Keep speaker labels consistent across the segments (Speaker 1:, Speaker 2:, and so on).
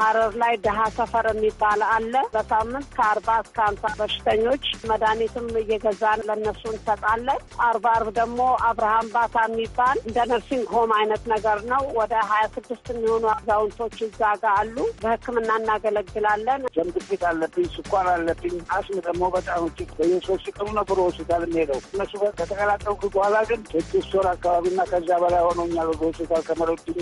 Speaker 1: ሀረር ላይ ድሀ ሰፈር የሚባል አለ። በሳምንት ከአርባ እስከ አምሳ በሽተኞች መድኃኒትም እየገዛን ለእነሱ እንሰጣለን። አርባ አርብ ደግሞ አብርሃም ባታ የሚባል እንደ ነርሲንግ ሆም አይነት ነገር ነው። ወደ ሀያ ስድስት የሚሆኑ አዛውንቶች እዛ ጋ አሉ። በህክምና እናገለግላለን። ደም ግፊት አለብኝ፣ ስኳር
Speaker 2: አለብኝ፣ አስም ደግሞ በጣም እጅ በየሶስት ቀኑ ነብሮ ሆስፒታል የሚሄደው። እነሱ ከተቀላቀልኩ በኋላ ግን ስድስት ወር አካባቢና ከዛ በላይ ሆኖኛል። ሆስፒታል ከመረጡኝ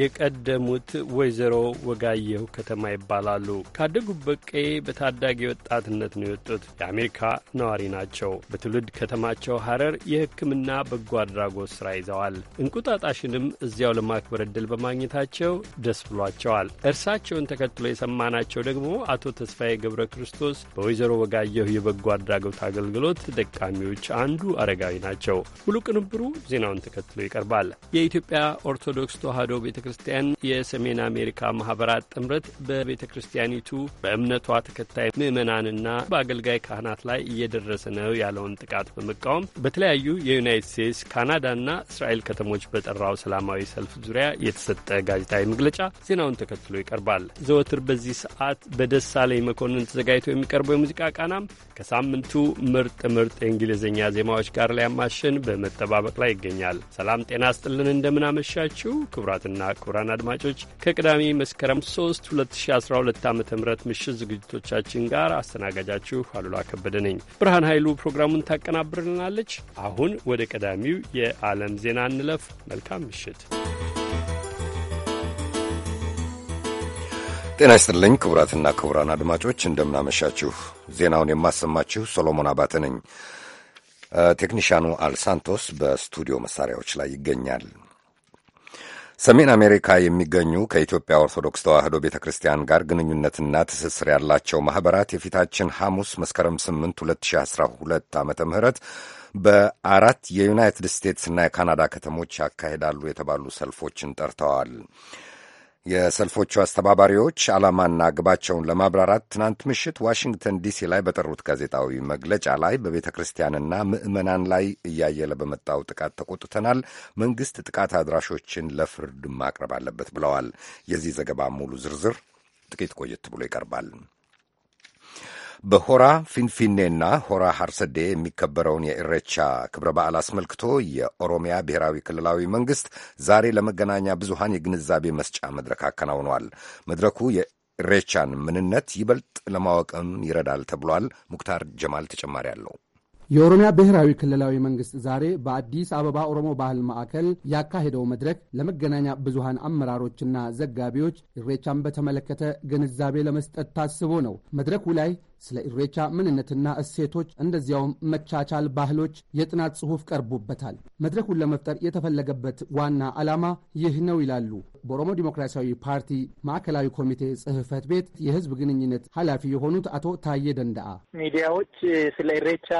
Speaker 3: የቀደሙት ወይዘሮ ወጋ አለማየሁ ከተማ ይባላሉ። ካደጉበት ቀዬ በታዳጊ ወጣትነት ነው የወጡት። የአሜሪካ ነዋሪ ናቸው። በትውልድ ከተማቸው ሀረር የሕክምና በጎ አድራጎት ሥራ ይዘዋል። እንቁጣጣሽንም እዚያው ለማክበር ዕድል በማግኘታቸው ደስ ብሏቸዋል። እርሳቸውን ተከትሎ የሰማናቸው ደግሞ አቶ ተስፋዬ ገብረ ክርስቶስ በወይዘሮ ወጋየሁ የበጎ አድራጎት አገልግሎት ተጠቃሚዎች አንዱ አረጋዊ ናቸው። ሙሉ ቅንብሩ ዜናውን ተከትሎ ይቀርባል። የኢትዮጵያ ኦርቶዶክስ ተዋሕዶ ቤተ ክርስቲያን የሰሜን አሜሪካ ማህበራት ጥምረት በቤተ ክርስቲያኒቱ በእምነቷ ተከታይ ምዕመናንና በአገልጋይ ካህናት ላይ እየደረሰ ነው ያለውን ጥቃት በመቃወም በተለያዩ የዩናይትድ ስቴትስ፣ ካናዳና እስራኤል ከተሞች በጠራው ሰላማዊ ሰልፍ ዙሪያ የተሰጠ ጋዜጣዊ መግለጫ ዜናውን ተከትሎ ይቀርባል። ዘወትር በዚህ ሰዓት በደሳለኝ መኮንን ተዘጋጅቶ የሚቀርበው የሙዚቃ ቃናም ከሳምንቱ ምርጥ ምርጥ የእንግሊዝኛ ዜማዎች ጋር ሊያማሽን በመጠባበቅ ላይ ይገኛል። ሰላም ጤና ስጥልን፣ እንደምናመሻችሁ ክቡራትና ክቡራን አድማጮች ከቅዳሜ መስከረም 3 2012 ዓ ም ምሽት ዝግጅቶቻችን ጋር አስተናጋጃችሁ አሉላ ከበደ ነኝ። ብርሃን ኃይሉ ፕሮግራሙን ታቀናብርልናለች። አሁን ወደ ቀዳሚው የዓለም ዜና እንለፍ። መልካም ምሽት።
Speaker 4: ጤና ይስጥልኝ ክቡራትና ክቡራን አድማጮች እንደምናመሻችሁ። ዜናውን የማሰማችሁ ሶሎሞን አባተ ነኝ። ቴክኒሽያኑ አልሳንቶስ በስቱዲዮ መሳሪያዎች ላይ ይገኛል። ሰሜን አሜሪካ የሚገኙ ከኢትዮጵያ ኦርቶዶክስ ተዋሕዶ ቤተ ክርስቲያን ጋር ግንኙነትና ትስስር ያላቸው ማኅበራት የፊታችን ሐሙስ መስከረም 8 2012 ዓ ምህረት በአራት የዩናይትድ ስቴትስና የካናዳ ከተሞች ያካሂዳሉ የተባሉ ሰልፎችን ጠርተዋል። የሰልፎቹ አስተባባሪዎች ዓላማና ግባቸውን ለማብራራት ትናንት ምሽት ዋሽንግተን ዲሲ ላይ በጠሩት ጋዜጣዊ መግለጫ ላይ በቤተ ክርስቲያንና ምዕመናን ላይ እያየለ በመጣው ጥቃት ተቆጥተናል፣ መንግሥት ጥቃት አድራሾችን ለፍርድ ማቅረብ አለበት ብለዋል። የዚህ ዘገባ ሙሉ ዝርዝር ጥቂት ቆየት ብሎ ይቀርባል። በሆራ ፊንፊኔና ሆራ ሐርሰዴ የሚከበረውን የኢሬቻ ክብረ በዓል አስመልክቶ የኦሮሚያ ብሔራዊ ክልላዊ መንግሥት ዛሬ ለመገናኛ ብዙሃን የግንዛቤ መስጫ መድረክ አከናውኗል። መድረኩ የኢሬቻን ምንነት ይበልጥ ለማወቅም ይረዳል ተብሏል። ሙክታር ጀማል ተጨማሪ አለው።
Speaker 5: የኦሮሚያ ብሔራዊ ክልላዊ መንግስት ዛሬ በአዲስ አበባ ኦሮሞ ባህል ማዕከል ያካሄደው መድረክ ለመገናኛ ብዙሃን አመራሮችና ዘጋቢዎች ኢሬቻን በተመለከተ ግንዛቤ ለመስጠት ታስቦ ነው። መድረኩ ላይ ስለ ኢሬቻ ምንነትና እሴቶች እንደዚያውም መቻቻል ባህሎች የጥናት ጽሑፍ ቀርቦበታል። መድረኩን ለመፍጠር የተፈለገበት ዋና ዓላማ ይህ ነው ይላሉ በኦሮሞ ዲሞክራሲያዊ ፓርቲ ማዕከላዊ ኮሚቴ ጽህፈት ቤት የህዝብ ግንኙነት ኃላፊ የሆኑት አቶ ታዬ
Speaker 6: ደንዳአ።
Speaker 2: ሚዲያዎች ስለ ኢሬቻ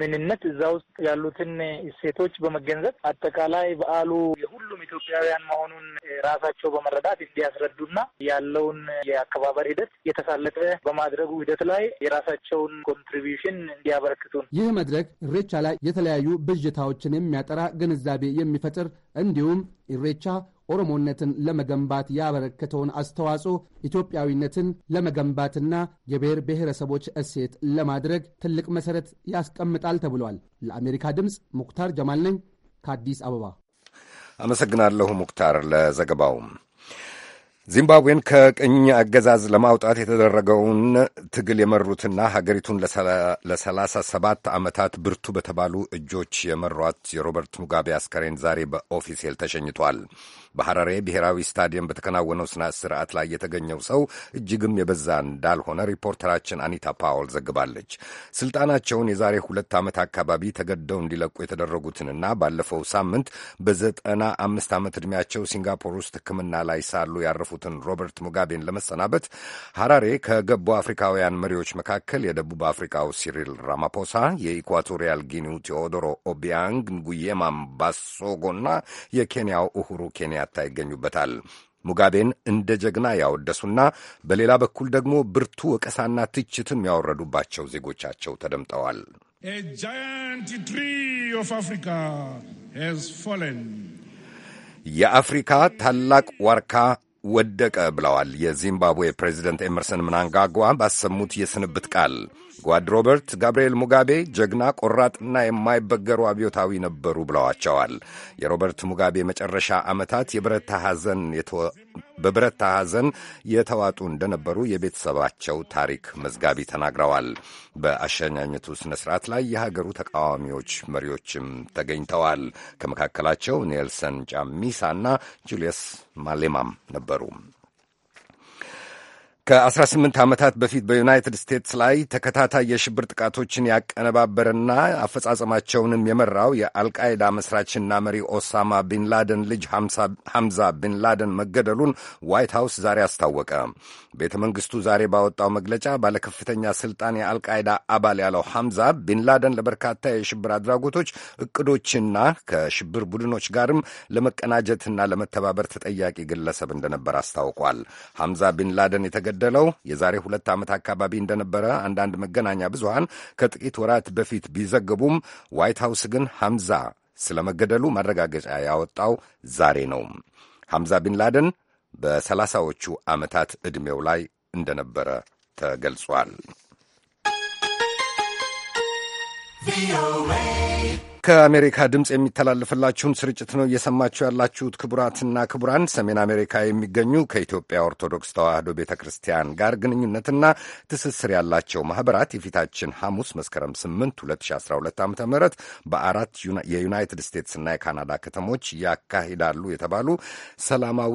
Speaker 2: ምንነት እዛ ውስጥ ያሉትን እሴቶች በመገንዘብ አጠቃላይ በዓሉ የሁሉም ኢትዮጵያውያን መሆኑን ራሳቸው በመረዳት እንዲያስረዱና ያለውን የአከባበር ሂደት የተሳለጠ በማድረጉ ሂደት ላይ ላይ የራሳቸውን ኮንትሪቢሽን እንዲያበረክቱ ነው።
Speaker 5: ይህ መድረክ ኢሬቻ ላይ የተለያዩ ብዥታዎችን የሚያጠራ ግንዛቤ የሚፈጥር እንዲሁም ኢሬቻ ኦሮሞነትን ለመገንባት ያበረከተውን አስተዋጽኦ ኢትዮጵያዊነትን ለመገንባትና የብሔር ብሔረሰቦች እሴት ለማድረግ ትልቅ መሠረት ያስቀምጣል ተብሏል። ለአሜሪካ ድምፅ ሙክታር ጀማል ነኝ ከአዲስ አበባ።
Speaker 4: አመሰግናለሁ ሙክታር ለዘገባውም። ዚምባብዌን ከቅኝ አገዛዝ ለማውጣት የተደረገውን ትግል የመሩትና ሀገሪቱን ለሰላሳ ሰባት ዓመታት ብርቱ በተባሉ እጆች የመሯት የሮበርት ሙጋቤ አስከሬን ዛሬ በኦፊሴል ተሸኝቷል። በሐራሬ ብሔራዊ ስታዲየም በተከናወነው ስነ ስርዓት ላይ የተገኘው ሰው እጅግም የበዛ እንዳልሆነ ሪፖርተራችን አኒታ ፓወል ዘግባለች። ስልጣናቸውን የዛሬ ሁለት ዓመት አካባቢ ተገደው እንዲለቁ የተደረጉትንና ባለፈው ሳምንት በዘጠና አምስት ዓመት ዕድሜያቸው ሲንጋፖር ውስጥ ሕክምና ላይ ሳሉ ያረፉት የመሩትን ሮበርት ሙጋቤን ለመሰናበት ሐራሬ ከገቡ አፍሪካውያን መሪዎች መካከል የደቡብ አፍሪካው ሲሪል ራማፖሳ፣ የኢኳቶሪያል ጊኒው ቴዎዶሮ ኦቢያንግ ንጉዬማም ባሶጎና የኬንያው እሁሩ ኬንያታ ይገኙበታል። ሙጋቤን እንደ ጀግና ያወደሱና በሌላ በኩል ደግሞ ብርቱ ወቀሳና ትችትም ያወረዱባቸው ዜጎቻቸው ተደምጠዋል። የአፍሪካ ታላቅ ዋርካ ወደቀ ብለዋል የዚምባብዌ ፕሬዚደንት ኤመርሰን ምናንጋጓ ባሰሙት የስንብት ቃል። ጓድ ሮበርት ጋብርኤል ሙጋቤ ጀግና ቆራጥና የማይበገሩ አብዮታዊ ነበሩ ብለዋቸዋል። የሮበርት ሙጋቤ መጨረሻ ዓመታት በብረታ ሐዘን የተዋጡ እንደነበሩ የቤተሰባቸው ታሪክ መዝጋቢ ተናግረዋል። በአሸኛኘቱ ሥነ ሥርዓት ላይ የሀገሩ ተቃዋሚዎች መሪዎችም ተገኝተዋል። ከመካከላቸው ኔልሰን ጫሚሳና ጁልየስ ማሌማም ነበሩ። ከ18 ዓመታት በፊት በዩናይትድ ስቴትስ ላይ ተከታታይ የሽብር ጥቃቶችን ያቀነባበረና አፈጻጸማቸውንም የመራው የአልቃይዳ መስራችና መሪ ኦሳማ ቢንላደን ልጅ ሐምዛ ቢንላደን መገደሉን ዋይት ሀውስ ዛሬ አስታወቀ። ቤተ መንግሥቱ ዛሬ ባወጣው መግለጫ ባለከፍተኛ ስልጣን የአልቃይዳ አባል ያለው ሐምዛ ቢንላደን ለበርካታ የሽብር አድራጎቶች እቅዶችና ከሽብር ቡድኖች ጋርም ለመቀናጀትና ለመተባበር ተጠያቂ ግለሰብ እንደነበር አስታውቋል። ሐምዛ ቢንላደን የተገደለው የዛሬ ሁለት ዓመት አካባቢ እንደነበረ አንዳንድ መገናኛ ብዙሃን ከጥቂት ወራት በፊት ቢዘግቡም ዋይት ሀውስ ግን ሐምዛ ስለመገደሉ ማረጋገጫ ያወጣው ዛሬ ነው። ሐምዛ ቢንላደን በሰላሳዎቹ ዓመታት ዕድሜው ላይ እንደነበረ ተገልጿል። ከአሜሪካ ድምፅ የሚተላለፍላችሁን ስርጭት ነው እየሰማችሁ ያላችሁት። ክቡራትና ክቡራን ሰሜን አሜሪካ የሚገኙ ከኢትዮጵያ ኦርቶዶክስ ተዋሕዶ ቤተ ክርስቲያን ጋር ግንኙነትና ትስስር ያላቸው ማኅበራት የፊታችን ሐሙስ መስከረም 8 2012 ዓ ም በአራት የዩናይትድ ስቴትስና የካናዳ ከተሞች ያካሂዳሉ የተባሉ ሰላማዊ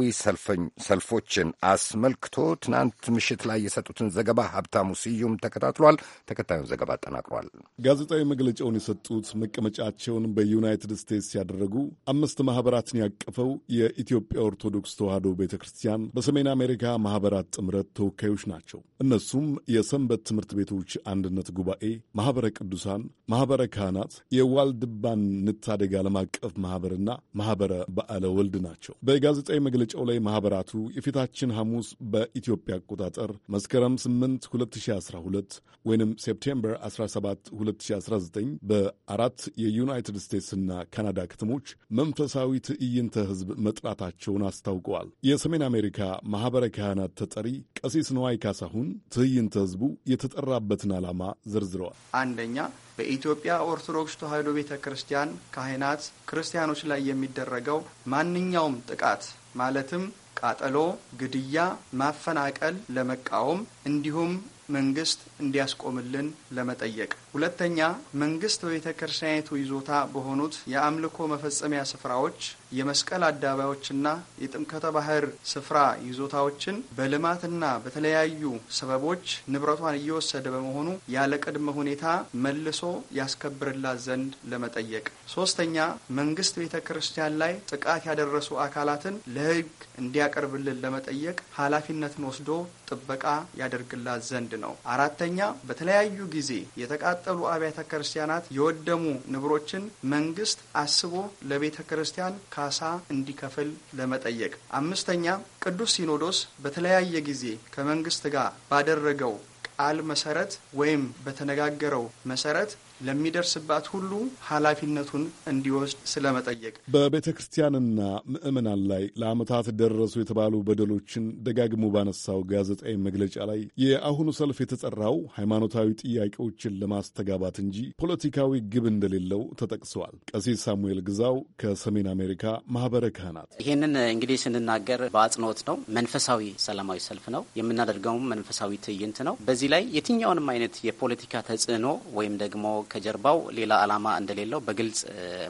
Speaker 4: ሰልፎችን አስመልክቶ ትናንት ምሽት ላይ የሰጡትን ዘገባ ሀብታሙ ስዩም ተከታትሏል። ተከታዩን ዘገባ አጠናቅሯል።
Speaker 7: ጋዜጣዊ መግለጫውን የሰጡት መቀመጫ መሰረታቸውን በዩናይትድ ስቴትስ ያደረጉ አምስት ማኅበራትን ያቀፈው የኢትዮጵያ ኦርቶዶክስ ተዋሕዶ ቤተ ክርስቲያን በሰሜን አሜሪካ ማኅበራት ጥምረት ተወካዮች ናቸው። እነሱም የሰንበት ትምህርት ቤቶች አንድነት ጉባኤ፣ ማኅበረ ቅዱሳን፣ ማኅበረ ካህናት፣ የዋልድባን እንታደግ ዓለም አቀፍ ማኅበርና ማኅበረ በዓለ ወልድ ናቸው። በጋዜጣዊ መግለጫው ላይ ማኅበራቱ የፊታችን ሐሙስ በኢትዮጵያ አቆጣጠር መስከረም 8 2012 ወይም ሴፕቴምበር 17 2019 በአራት የዩ ዩናይትድ ስቴትስና ካናዳ ከተሞች መንፈሳዊ ትዕይንተ ሕዝብ መጥራታቸውን አስታውቀዋል። የሰሜን አሜሪካ ማኅበረ ካህናት ተጠሪ ቀሲስ ነዋይ ካሳሁን ትዕይንተ ሕዝቡ የተጠራበትን ዓላማ ዘርዝረዋል።
Speaker 6: አንደኛ በኢትዮጵያ ኦርቶዶክስ ተዋሕዶ ቤተ ክርስቲያን ካህናት ክርስቲያኖች ላይ የሚደረገው ማንኛውም ጥቃት ማለትም ቃጠሎ፣ ግድያ፣ ማፈናቀል ለመቃወም እንዲሁም መንግስት እንዲያስቆምልን ለመጠየቅ ሁለተኛ መንግስት በቤተ ክርስቲያኒቱ ይዞታ በሆኑት የአምልኮ መፈጸሚያ ስፍራዎች የመስቀል አደባባዮችና የጥምከተ ባህር ስፍራ ይዞታዎችን በልማትና በተለያዩ ሰበቦች ንብረቷን እየወሰደ በመሆኑ ያለ ቅድመ ሁኔታ መልሶ ያስከብርላት ዘንድ ለመጠየቅ። ሶስተኛ መንግስት ቤተ ክርስቲያን ላይ ጥቃት ያደረሱ አካላትን ለህግ እንዲያቀርብልን ለመጠየቅ ኃላፊነትን ወስዶ ጥበቃ ያደርግላት ዘንድ ነው። አራተኛ በተለያዩ ጊዜ የተቃ የተቃጠሉ አብያተ ክርስቲያናት የወደሙ ንብሮችን መንግስት አስቦ ለቤተ ክርስቲያን ካሳ እንዲከፍል ለመጠየቅ። አምስተኛ ቅዱስ ሲኖዶስ በተለያየ ጊዜ ከመንግስት ጋር ባደረገው ቃል መሰረት ወይም በተነጋገረው መሰረት ለሚደርስባት ሁሉ ኃላፊነቱን እንዲወስድ ስለመጠየቅ
Speaker 7: በቤተ ክርስቲያንና ምዕመናን ላይ ለዓመታት ደረሱ የተባሉ በደሎችን ደጋግሞ ባነሳው ጋዜጣዊ መግለጫ ላይ የአሁኑ ሰልፍ የተጠራው ሃይማኖታዊ ጥያቄዎችን ለማስተጋባት እንጂ ፖለቲካዊ ግብ እንደሌለው ተጠቅሰዋል። ቀሲስ ሳሙኤል ግዛው ከሰሜን አሜሪካ ማህበረ ካህናት
Speaker 1: ይህንን እንግዲህ ስንናገር በአጽንኦት ነው። መንፈሳዊ ሰላማዊ ሰልፍ ነው የምናደርገውም መንፈሳዊ ትዕይንት ነው። በዚህ ላይ የትኛውንም አይነት የፖለቲካ ተጽዕኖ ወይም ደግሞ ከጀርባው ሌላ ዓላማ እንደሌለው በግልጽ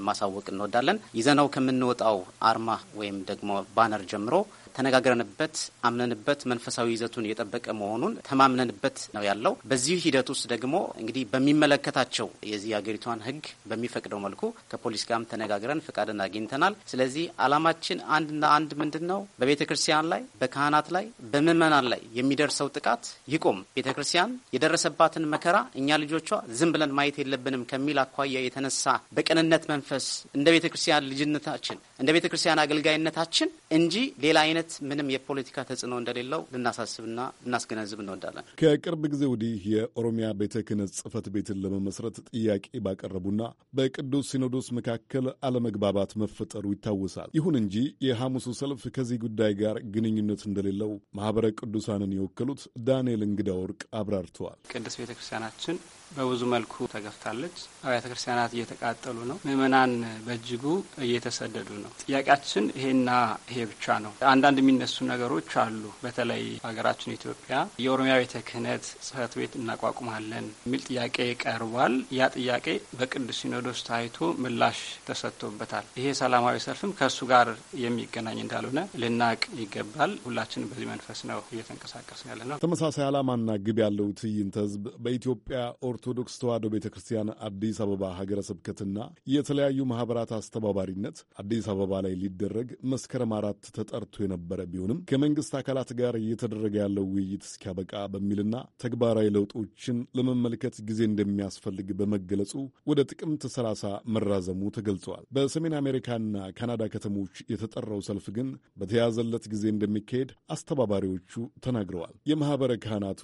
Speaker 1: ማሳወቅ እንወዳለን። ይዘነው ከምንወጣው አርማ ወይም ደግሞ ባነር ጀምሮ ተነጋግረንበት አምነንበት መንፈሳዊ ይዘቱን የጠበቀ መሆኑን ተማምነንበት ነው ያለው። በዚህ ሂደት ውስጥ ደግሞ እንግዲህ በሚመለከታቸው የዚህ ሀገሪቷን ሕግ በሚፈቅደው መልኩ ከፖሊስ ጋርም ተነጋግረን ፍቃድን አግኝተናል። ስለዚህ አላማችን አንድና አንድ ምንድን ነው? በቤተ ክርስቲያን ላይ በካህናት ላይ በምዕመናን ላይ የሚደርሰው ጥቃት ይቆም። ቤተ ክርስቲያን የደረሰባትን መከራ እኛ ልጆቿ ዝም ብለን ማየት የለብንም ከሚል አኳያ የተነሳ በቅንነት መንፈስ እንደ ቤተ ክርስቲያን ልጅነታችን እንደ ቤተ ክርስቲያን አገልጋይነታችን እንጂ ሌላ አይነት አይነት ምንም የፖለቲካ ተጽዕኖ እንደሌለው ልናሳስብና ልናስገነዝብ እንወዳለን።
Speaker 7: ከቅርብ ጊዜ ወዲህ የኦሮሚያ ቤተ ክህነት ጽሕፈት ቤትን ለመመስረት ጥያቄ ባቀረቡና በቅዱስ ሲኖዶስ መካከል አለመግባባት መፈጠሩ ይታወሳል። ይሁን እንጂ የሐሙሱ ሰልፍ ከዚህ ጉዳይ ጋር ግንኙነት እንደሌለው ማኅበረ ቅዱሳንን የወከሉት ዳንኤል እንግዳ ወርቅ አብራርተዋል።
Speaker 3: ቅዱስ ቤተ ክርስቲያናችን በብዙ መልኩ ተገፍታለች። አብያተ ክርስቲያናት እየተቃጠሉ ነው። ምእመናን በእጅጉ እየተሰደዱ ነው። ጥያቄያችን ይሄና ይሄ ብቻ ነው። አንዳንድ የሚነሱ ነገሮች አሉ። በተለይ ሀገራችን ኢትዮጵያ የኦሮሚያ ቤተ ክህነት ጽህፈት ቤት እናቋቁማለን የሚል ጥያቄ ቀርቧል። ያ ጥያቄ በቅዱስ ሲኖዶስ ታይቶ ምላሽ ተሰጥቶበታል። ይሄ ሰላማዊ ሰልፍም ከእሱ ጋር የሚገናኝ እንዳልሆነ ልናቅ ይገባል። ሁላችን በዚህ መንፈስ ነው እየተንቀሳቀስ ያለ ነው።
Speaker 7: ተመሳሳይ አላማና ግብ ያለው ትዕይንተ ህዝብ በኢትዮጵያ ኦርቶ ኦርቶዶክስ ተዋሕዶ ቤተ ክርስቲያን አዲስ አበባ ሀገረ ስብከትና የተለያዩ ማኅበራት አስተባባሪነት አዲስ አበባ ላይ ሊደረግ መስከረም አራት ተጠርቶ የነበረ ቢሆንም ከመንግሥት አካላት ጋር እየተደረገ ያለው ውይይት እስኪያበቃ በሚልና ተግባራዊ ለውጦችን ለመመልከት ጊዜ እንደሚያስፈልግ በመገለጹ ወደ ጥቅምት ሰላሳ መራዘሙ ተገልጸዋል። በሰሜን አሜሪካና ካናዳ ከተሞች የተጠራው ሰልፍ ግን በተያዘለት ጊዜ እንደሚካሄድ አስተባባሪዎቹ ተናግረዋል። የማኅበረ ካህናቱ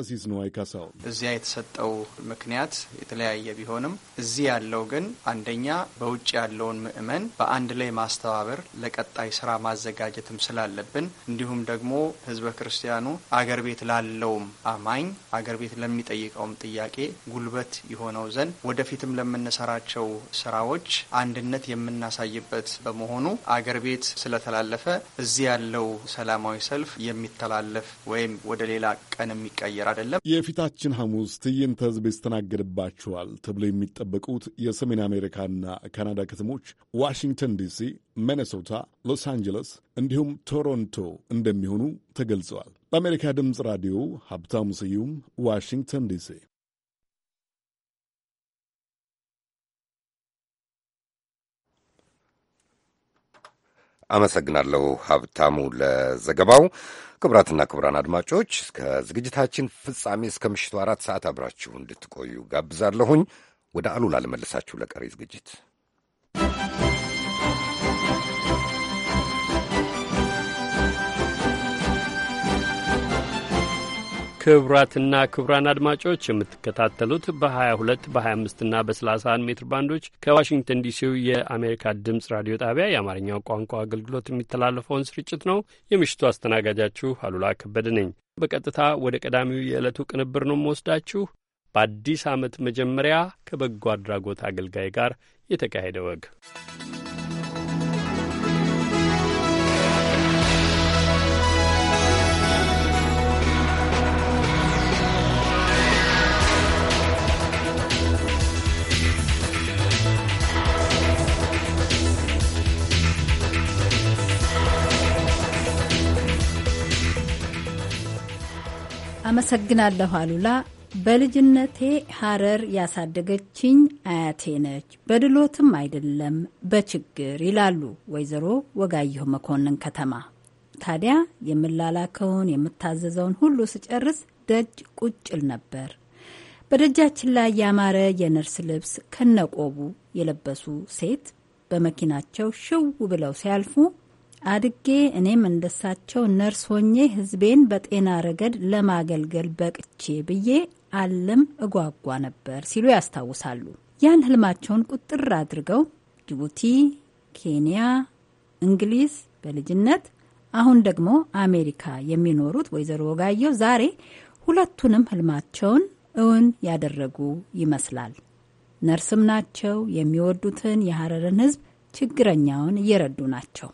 Speaker 7: ቀሲስ ነዋይ ካሳሁን
Speaker 6: እዚያ የተሰጠው ምክንያት የተለያየ ቢሆንም እዚህ ያለው ግን አንደኛ በውጭ ያለውን ምእመን በአንድ ላይ ማስተባበር ለቀጣይ ስራ ማዘጋጀትም ስላለብን እንዲሁም ደግሞ ህዝበ ክርስቲያኑ አገር ቤት ላለውም አማኝ አገር ቤት ለሚጠይቀውም ጥያቄ ጉልበት የሆነው ዘንድ ወደፊትም ለምንሰራቸው ስራዎች አንድነት የምናሳይበት በመሆኑ አገር ቤት ስለተላለፈ እዚህ ያለው ሰላማዊ ሰልፍ የሚተላለፍ ወይም ወደ ሌላ ቀን የሚቀየር የሚቀየር አይደለም።
Speaker 7: የፊታችን ሐሙስ ትዕይንተ ህዝብ ይስተናገድባቸዋል ተብሎ የሚጠበቁት የሰሜን አሜሪካና ካናዳ ከተሞች ዋሽንግተን ዲሲ፣ ሚኔሶታ፣ ሎስ አንጀለስ እንዲሁም ቶሮንቶ እንደሚሆኑ ተገልጸዋል። በአሜሪካ ድምፅ ራዲዮ ሀብታሙ ስዩም ዋሽንግተን ዲሲ።
Speaker 4: አመሰግናለሁ ሀብታሙ ለዘገባው። ክቡራትና ክቡራን አድማጮች እስከ ዝግጅታችን ፍጻሜ እስከ ምሽቱ አራት ሰዓት አብራችሁ እንድትቆዩ ጋብዛለሁኝ። ወደ አሉላ ልመልሳችሁ ለቀሪ ዝግጅት
Speaker 3: ክቡራትና ክቡራን አድማጮች የምትከታተሉት በ22 በ25ና በ31 ሜትር ባንዶች ከዋሽንግተን ዲሲው የአሜሪካ ድምፅ ራዲዮ ጣቢያ የአማርኛው ቋንቋ አገልግሎት የሚተላለፈውን ስርጭት ነው። የምሽቱ አስተናጋጃችሁ አሉላ ከበደ ነኝ። በቀጥታ ወደ ቀዳሚው የዕለቱ ቅንብር ነው የምወስዳችሁ። በአዲስ ዓመት መጀመሪያ ከበጎ አድራጎት አገልጋይ ጋር የተካሄደ ወግ
Speaker 8: አመሰግናለሁ አሉላ። በልጅነቴ ሀረር ያሳደገችኝ አያቴ ነች። በድሎትም አይደለም በችግር ይላሉ ወይዘሮ ወጋየሁ መኮንን ከተማ። ታዲያ የምላላከውን የምታዘዘውን ሁሉ ስጨርስ ደጅ ቁጭል ነበር። በደጃችን ላይ ያማረ የነርስ ልብስ ከነቆቡ የለበሱ ሴት በመኪናቸው ሽው ብለው ሲያልፉ አድጌ እኔም እንደሳቸው ነርስ ሆኜ ህዝቤን በጤና ረገድ ለማገልገል በቅቼ ብዬ አልም እጓጓ ነበር ሲሉ ያስታውሳሉ። ያን ህልማቸውን ቁጥር አድርገው ጅቡቲ፣ ኬንያ፣ እንግሊዝ በልጅነት አሁን ደግሞ አሜሪካ የሚኖሩት ወይዘሮ ወጋየው ዛሬ ሁለቱንም ህልማቸውን እውን ያደረጉ ይመስላል። ነርስም ናቸው። የሚወዱትን የሀረርን ህዝብ ችግረኛውን እየረዱ ናቸው።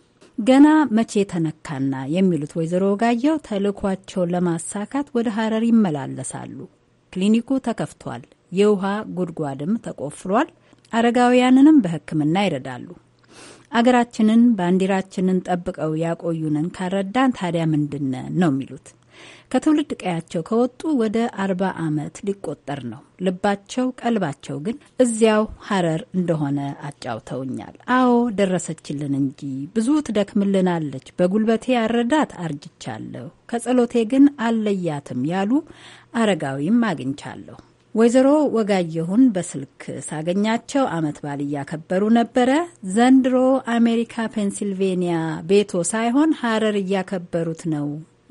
Speaker 8: ገና መቼ ተነካና የሚሉት ወይዘሮ ጋየው ተልኳቸው ለማሳካት ወደ ሀረር ይመላለሳሉ። ክሊኒኩ ተከፍቷል። የውሃ ጉድጓድም ተቆፍሯል። አረጋውያንንም በሕክምና ይረዳሉ። አገራችንን ባንዲራችንን ጠብቀው ያቆዩንን ካረዳን ታዲያ ምንድን ነው የሚሉት ከትውልድ ቀያቸው ከወጡ ወደ አርባ ዓመት ሊቆጠር ነው። ልባቸው ቀልባቸው ግን እዚያው ሀረር እንደሆነ አጫውተውኛል። አዎ ደረሰችልን እንጂ ብዙ ትደክምልናለች። በጉልበቴ አረዳት አርጅቻለሁ፣ ከጸሎቴ ግን አለያትም ያሉ አረጋዊም አግኝቻለሁ። ወይዘሮ ወጋየሁን በስልክ ሳገኛቸው አመት ባል እያከበሩ ነበረ። ዘንድሮ አሜሪካ ፔንሲልቬንያ ቤቶ ሳይሆን ሀረር እያከበሩት ነው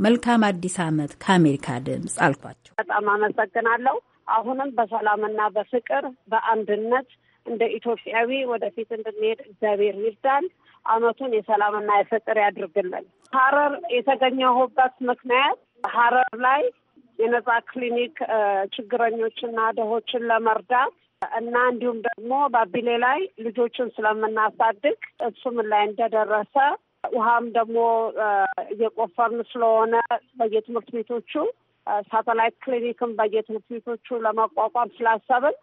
Speaker 8: መልካም አዲስ ዓመት ከአሜሪካ ድምፅ አልኳቸው።
Speaker 1: በጣም አመሰግናለሁ። አሁንም በሰላምና በፍቅር በአንድነት እንደ ኢትዮጵያዊ ወደፊት እንድንሄድ እግዚአብሔር ይርዳል። አመቱን የሰላምና የፍቅር ያድርግልን። ሀረር የተገኘሁበት ምክንያት ሀረር ላይ የነጻ ክሊኒክ ችግረኞችና ድሆችን ለመርዳት እና እንዲሁም ደግሞ ባቢሌ ላይ ልጆችን ስለምናሳድግ እሱም ላይ እንደደረሰ ውሃም ደግሞ እየቆፈርን ስለሆነ በየትምህርት ቤቶቹ ሳተላይት ክሊኒክም በየትምህርት ቤቶቹ ለማቋቋም ስላሰብን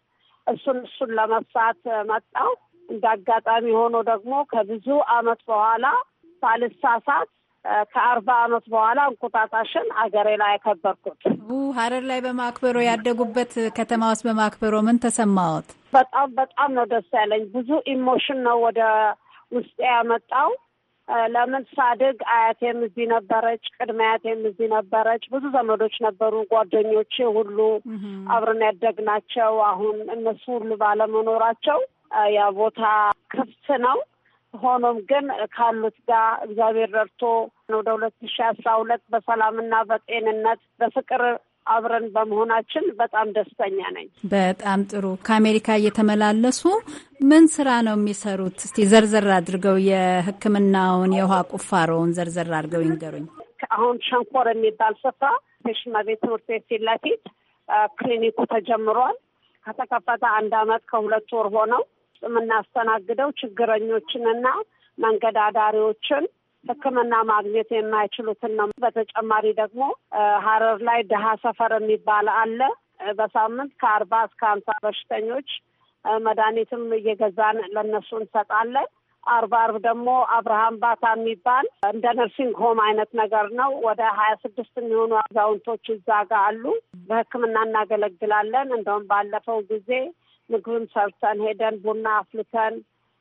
Speaker 1: እሱን እሱን ለመስራት መጣው። እንደ አጋጣሚ ሆኖ ደግሞ ከብዙ አመት በኋላ ባልሳሳት ከአርባ አመት በኋላ
Speaker 8: እንቁጣጣሽን አገሬ ላይ ያከበርኩት ሀረር ላይ በማክበሮ ያደጉበት ከተማ ውስጥ በማክበሮ ምን ተሰማዎት?
Speaker 1: በጣም በጣም ነው ደስ ያለኝ። ብዙ ኢሞሽን ነው ወደ ውስጤ ያመጣው። ለምን ሳድግ አያቴም እዚህ ነበረች፣ ቅድመ አያቴም እዚህ ነበረች። ብዙ ዘመዶች ነበሩ፣ ጓደኞቼ ሁሉ አብረን ያደግናቸው። አሁን እነሱ ሁሉ ባለመኖራቸው ያ ቦታ ክፍት ነው። ሆኖም ግን ካሉት ጋር እግዚአብሔር ረድቶ ወደ ሁለት ሺ አስራ ሁለት በሰላምና በጤንነት በፍቅር አብረን በመሆናችን በጣም ደስተኛ
Speaker 8: ነኝ። በጣም ጥሩ። ከአሜሪካ እየተመላለሱ ምን ስራ ነው የሚሰሩት? እስቲ ዘርዘር አድርገው የሕክምናውን የውሃ ቁፋሮውን ዘርዘር አድርገው ይንገሩኝ።
Speaker 1: አሁን ሸንኮር የሚባል ስፍራ ፔሽማ ቤት ትምህርት ቤት ፊት ለፊት ክሊኒኩ ተጀምሯል። ከተከፈተ አንድ አመት ከሁለት ወር ሆነው የምናስተናግደው ችግረኞችንና መንገድ አዳሪዎችን ሕክምና ማግኘት የማይችሉትን ነው። በተጨማሪ ደግሞ ሀረር ላይ ድሀ ሰፈር የሚባል አለ። በሳምንት ከአርባ እስከ ሀምሳ በሽተኞች መድኃኒትም እየገዛን ለእነሱ እንሰጣለን። አርባ አርብ ደግሞ አብርሃም ባታ የሚባል እንደ ነርሲንግ ሆም አይነት ነገር ነው። ወደ ሀያ ስድስት የሚሆኑ አዛውንቶች እዛ አሉ። በህክምና እናገለግላለን። እንደውም ባለፈው ጊዜ ምግብም ሰርተን ሄደን ቡና አፍልተን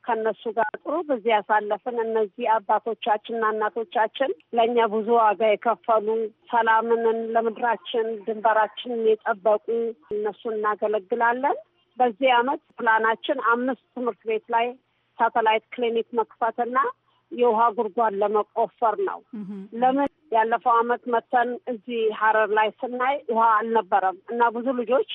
Speaker 1: ከነሱ ጋር ጥሩ ጊዜ ያሳለፍን እነዚህ አባቶቻችንና እናቶቻችን ለእኛ ብዙ ዋጋ የከፈሉ ሰላምንን ለምድራችን ድንበራችንን የጠበቁ እነሱን እናገለግላለን። በዚህ አመት ፕላናችን አምስት ትምህርት ቤት ላይ ሳተላይት ክሊኒክ መክፈትና የውሃ ጉድጓድ ለመቆፈር ነው። ለምን ያለፈው አመት መተን እዚህ ሀረር ላይ ስናይ ውሃ አልነበረም እና ብዙ ልጆች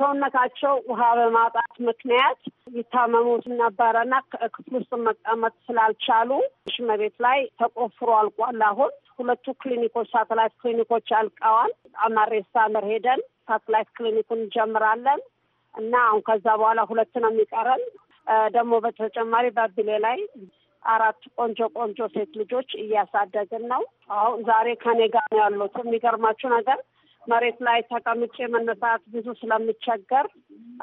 Speaker 1: ሰውነታቸው ውሃ በማጣት ምክንያት ይታመሙት ነበረና ክፍል ውስጥ መቀመጥ ስላልቻሉ ሽመቤት ላይ ተቆፍሮ አልቋል። አሁን ሁለቱ ክሊኒኮች ሳተላይት ክሊኒኮች አልቀዋል። አማሬሳ ሄደን ሳተላይት ክሊኒኩን እንጀምራለን እና አሁን ከዛ በኋላ ሁለት ነው የሚቀረን። ደግሞ በተጨማሪ በቢሌ ላይ አራት ቆንጆ ቆንጆ ሴት ልጆች እያሳደግን ነው። አሁን ዛሬ ከኔ ጋር ነው ያሉት። የሚገርማችሁ ነገር መሬት ላይ ተቀምጬ መነሳት ብዙ ስለምቸገር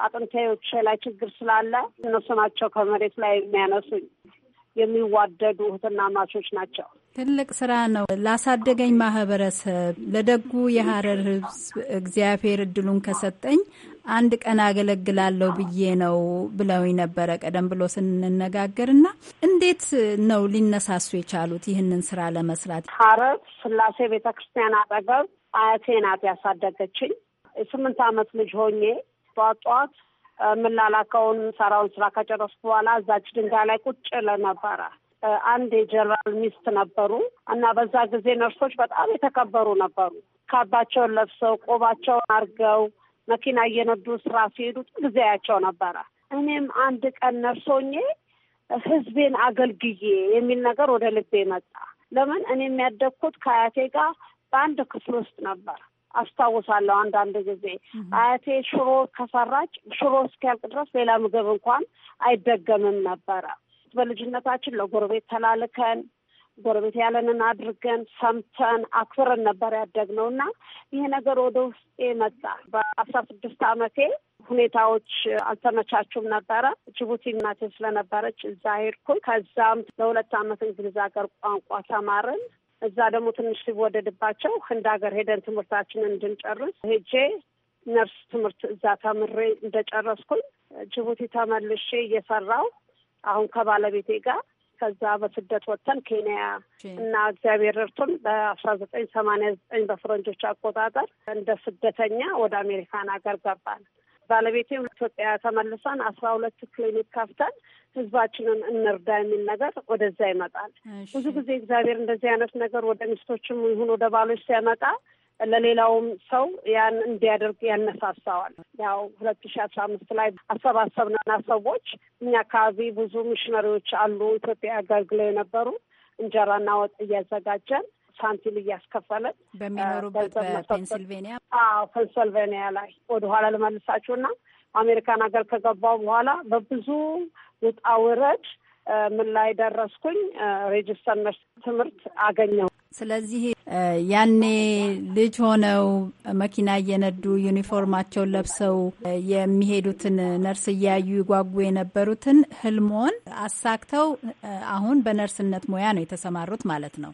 Speaker 1: አጥንቴዎቼ ላይ ችግር ስላለ እነሱ ናቸው ከመሬት ላይ የሚያነሱኝ። የሚዋደዱ እህትና ማቾች ናቸው።
Speaker 8: ትልቅ ስራ ነው። ላሳደገኝ ማህበረሰብ፣ ለደጉ የሀረር ህዝብ እግዚአብሔር እድሉን ከሰጠኝ አንድ ቀን አገለግላለሁ ብዬ ነው ብለው ነበረ ቀደም ብሎ ስንነጋገር እና እንዴት ነው ሊነሳሱ የቻሉት ይህንን ስራ ለመስራት? ሀረር ስላሴ
Speaker 1: ቤተክርስቲያን አጠገብ አያቴ ናት ያሳደገችኝ። ስምንት አመት ልጅ ሆኜ ጠዋት ጠዋት የምላላከውን ሰራውን ስራ ከጨረስኩ በኋላ እዛች ድንጋይ ላይ ቁጭ ለነበረ አንድ የጀነራል ሚስት ነበሩ እና በዛ ጊዜ ነርሶች በጣም የተከበሩ ነበሩ። ካባቸውን ለብሰው ቆባቸውን አርገው መኪና እየነዱ ስራ ሲሄዱ ጊዜ ያቸው ነበረ። እኔም አንድ ቀን ነርሶኜ ህዝቤን አገልግዬ የሚል ነገር ወደ ልቤ መጣ። ለምን እኔ የሚያደግኩት ከአያቴ ጋር በአንድ ክፍል ውስጥ ነበር። አስታውሳለሁ አንዳንድ ጊዜ አያቴ ሽሮ ከሰራች ሽሮ እስኪያልቅ ድረስ ሌላ ምግብ እንኳን አይደገምም ነበረ። በልጅነታችን ለጎረቤት ተላልከን ጎረቤት ያለንን አድርገን ሰምተን አክብረን ነበር ያደግነው እና ይሄ ነገር ወደ ውስጤ መጣ። በአስራ ስድስት አመቴ ሁኔታዎች አልተመቻቹም ነበረ። ጅቡቲ እናቴ ስለነበረች እዛ ሄድኩኝ። ከዛም ለሁለት አመት እንግሊዝ ሀገር ቋንቋ ተማርን። እዛ ደግሞ ትንሽ ሲወደድባቸው ህንድ ሀገር ሄደን ትምህርታችንን እንድንጨርስ ሄጄ ነርስ ትምህርት እዛ ተምሬ እንደጨረስኩኝ ጅቡቲ ተመልሼ እየሰራው አሁን ከባለቤቴ ጋር ከዛ በስደት ወጥተን ኬንያ እና እግዚአብሔር ረድቶን በአስራ ዘጠኝ ሰማንያ ዘጠኝ በፈረንጆች አቆጣጠር እንደ ስደተኛ ወደ አሜሪካን ሀገር ገባን። ባለቤቴ ኢትዮጵያ ተመልሰን አስራ ሁለት ክሊኒክ ከፍተን ህዝባችንን እንርዳ የሚል ነገር ወደዛ ይመጣል። ብዙ ጊዜ እግዚአብሔር እንደዚህ አይነት ነገር ወደ ሚስቶችም ይሁን ወደ ባሎች ሲያመጣ ለሌላውም ሰው ያን እንዲያደርግ ያነሳሳዋል። ያው ሁለት ሺ አስራ አምስት ላይ አሰባሰብነና ሰዎች እኛ አካባቢ ብዙ ሚሽነሪዎች አሉ ኢትዮጵያ ያገልግለው የነበሩ እንጀራና ወጥ እያዘጋጀን ሳንቲም እያስከፈለን በሚኖሩበት በፔንስልቬኒያ አዎ ፔንስልቬኒያ ላይ ወደኋላ ልመልሳችሁና አሜሪካን ሀገር ከገባው በኋላ በብዙ ውጣ ውረድ
Speaker 8: ምን ላይ ደረስኩኝ? ሬጅስተር ነርስ ትምህርት አገኘው። ስለዚህ ያኔ ልጅ ሆነው መኪና እየነዱ ዩኒፎርማቸውን ለብሰው የሚሄዱትን ነርስ እያዩ ይጓጉ የነበሩትን ህልሞን አሳክተው አሁን በነርስነት ሙያ ነው የተሰማሩት ማለት ነው።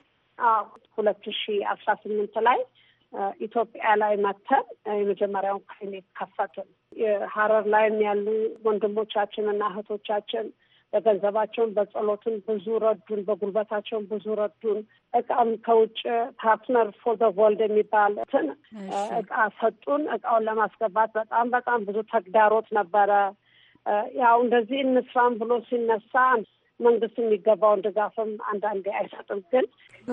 Speaker 1: ሁለት ሺ አስራ ስምንት ላይ ኢትዮጵያ ላይ መተን የመጀመሪያውን ክሊኒክ ከፈትን። ሀረር ላይም ያሉ ወንድሞቻችን እና እህቶቻችን በገንዘባቸውን በጸሎትን ብዙ ረዱን፣ በጉልበታቸውን ብዙ ረዱን። እቃም ከውጭ ፓርትነር ፎር ዘ ወልድ የሚባልትን እቃ ሰጡን። እቃውን ለማስገባት በጣም በጣም ብዙ ተግዳሮት ነበረ። ያው እንደዚህ እንስራም ብሎ ሲነሳ መንግስት የሚገባውን ድጋፍም አንዳንዴ አይሰጥም። ግን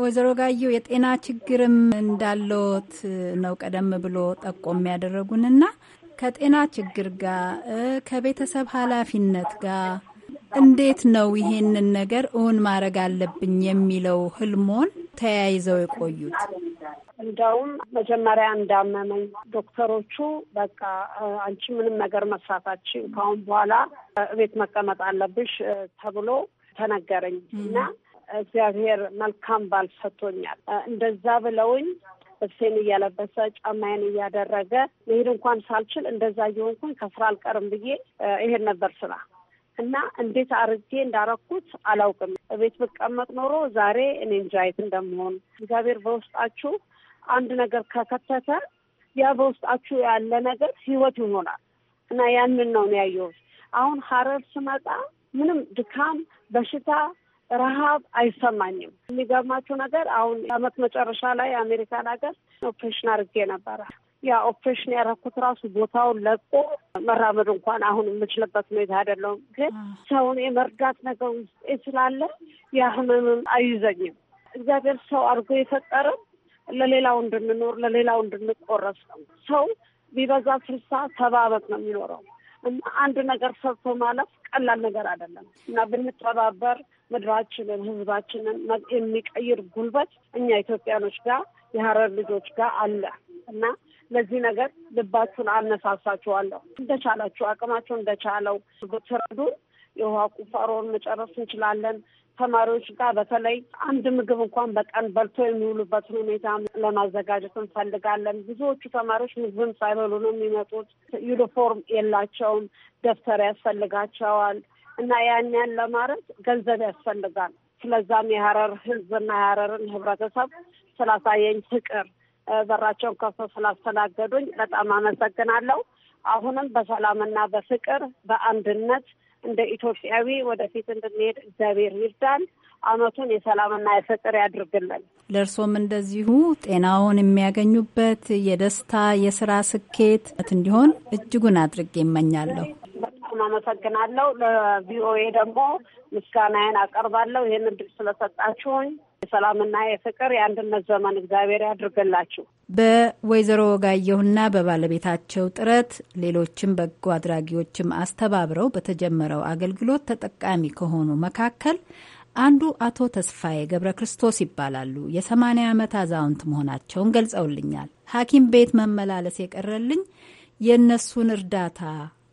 Speaker 8: ወይዘሮ ጋየው የጤና ችግርም እንዳለዎት ነው ቀደም ብሎ ጠቆም ያደረጉንና ከጤና ችግር ጋር ከቤተሰብ ኃላፊነት ጋር እንዴት ነው ይሄንን ነገር እውን ማድረግ አለብኝ የሚለው ህልሞን ተያይዘው የቆዩት?
Speaker 1: እንደውም መጀመሪያ እንዳመመኝ ዶክተሮቹ በቃ አንቺ ምንም ነገር መስራታች ከአሁን በኋላ ቤት መቀመጥ አለብሽ ተብሎ ተነገረኝ እና እግዚአብሔር መልካም ባል ሰጥቶኛል። እንደዛ ብለውኝ ልብሴን እያለበሰ ጫማዬን እያደረገ መሄድ እንኳን ሳልችል እንደዛ እየሆንኩኝ ከስራ አልቀርም ብዬ ይሄድ ነበር ስራ እና እንዴት አርጌ እንዳረኩት አላውቅም። ቤት ብቀመጥ ኖሮ ዛሬ እኔ እንጃ የት እንደምሆን እግዚአብሔር በውስጣችሁ አንድ ነገር ከከተተ ያ በውስጣችሁ ያለ ነገር ህይወት ይሆናል እና ያንን ነው ያየሁት። አሁን ሀረር ስመጣ ምንም ድካም፣ በሽታ፣ ረሀብ አይሰማኝም። የሚገርማችሁ ነገር አሁን አመት መጨረሻ ላይ አሜሪካን ሀገር ኦፕሬሽን አድርጌ ነበረ። ያ ኦፕሬሽን ያረኩት ራሱ ቦታውን ለቆ መራመድ እንኳን አሁን የምችልበት ሁኔታ አይደለውም ግን ሰውን የመርዳት ነገር ውስጤ ስላለ ያ ህመምም እግዚአብሔር ሰው አድርጎ የፈጠረም ለሌላው እንድንኖር ለሌላው እንድንቆረስ ነው። ሰው ቢበዛ ስልሳ ሰባ ዓመት ነው የሚኖረው እና አንድ ነገር ሰርቶ ማለፍ ቀላል ነገር አይደለም እና ብንተባበር ምድራችንን ህዝባችንን የሚቀይር ጉልበት እኛ ኢትዮጵያኖች ጋር የሀረር ልጆች ጋር አለ እና ለዚህ ነገር ልባችሁን አነሳሳችኋለሁ። እንደቻላችሁ አቅማችሁ እንደቻለው ብትረዱ የውሃ ቁፋሮን መጨረስ እንችላለን። ተማሪዎች ጋር በተለይ አንድ ምግብ እንኳን በቀን በልቶ የሚውሉበትን ሁኔታ ለማዘጋጀት እንፈልጋለን። ብዙዎቹ ተማሪዎች ምግብም ሳይበሉ ነው የሚመጡት። ዩኒፎርም የላቸውም፣ ደብተር ያስፈልጋቸዋል እና ያን ያን ለማድረግ ገንዘብ ያስፈልጋል። ስለዛም የሀረር ህዝብና የሀረርን ህብረተሰብ ስላሳየኝ ፍቅር በራቸውን ከፍቶ ስላስተናገዱኝ በጣም አመሰግናለሁ። አሁንም በሰላምና በፍቅር በአንድነት እንደ ኢትዮጵያዊ ወደፊት እንድንሄድ እግዚአብሔር ይርዳን። አመቱን የሰላምና የፍቅር ያድርግልን።
Speaker 8: ለእርሶም እንደዚሁ ጤናውን የሚያገኙበት የደስታ የስራ ስኬት እንዲሆን እጅጉን አድርጌ ይመኛለሁ።
Speaker 1: በጣም አመሰግናለሁ። ለቪኦኤ ደግሞ ምስጋናዬን አቀርባለሁ። ይህን እድል ስለሰጣችሁኝ የሰላምና የፍቅር የአንድነት ዘመን እግዚአብሔር ያድርግላችሁ።
Speaker 8: በወይዘሮ ወጋየሁና በባለቤታቸው ጥረት ሌሎችም በጎ አድራጊዎችም አስተባብረው በተጀመረው አገልግሎት ተጠቃሚ ከሆኑ መካከል አንዱ አቶ ተስፋዬ ገብረ ክርስቶስ ይባላሉ። የሰማንያ ዓመት አዛውንት መሆናቸውን ገልጸውልኛል። ሐኪም ቤት መመላለስ የቀረልኝ የእነሱን እርዳታ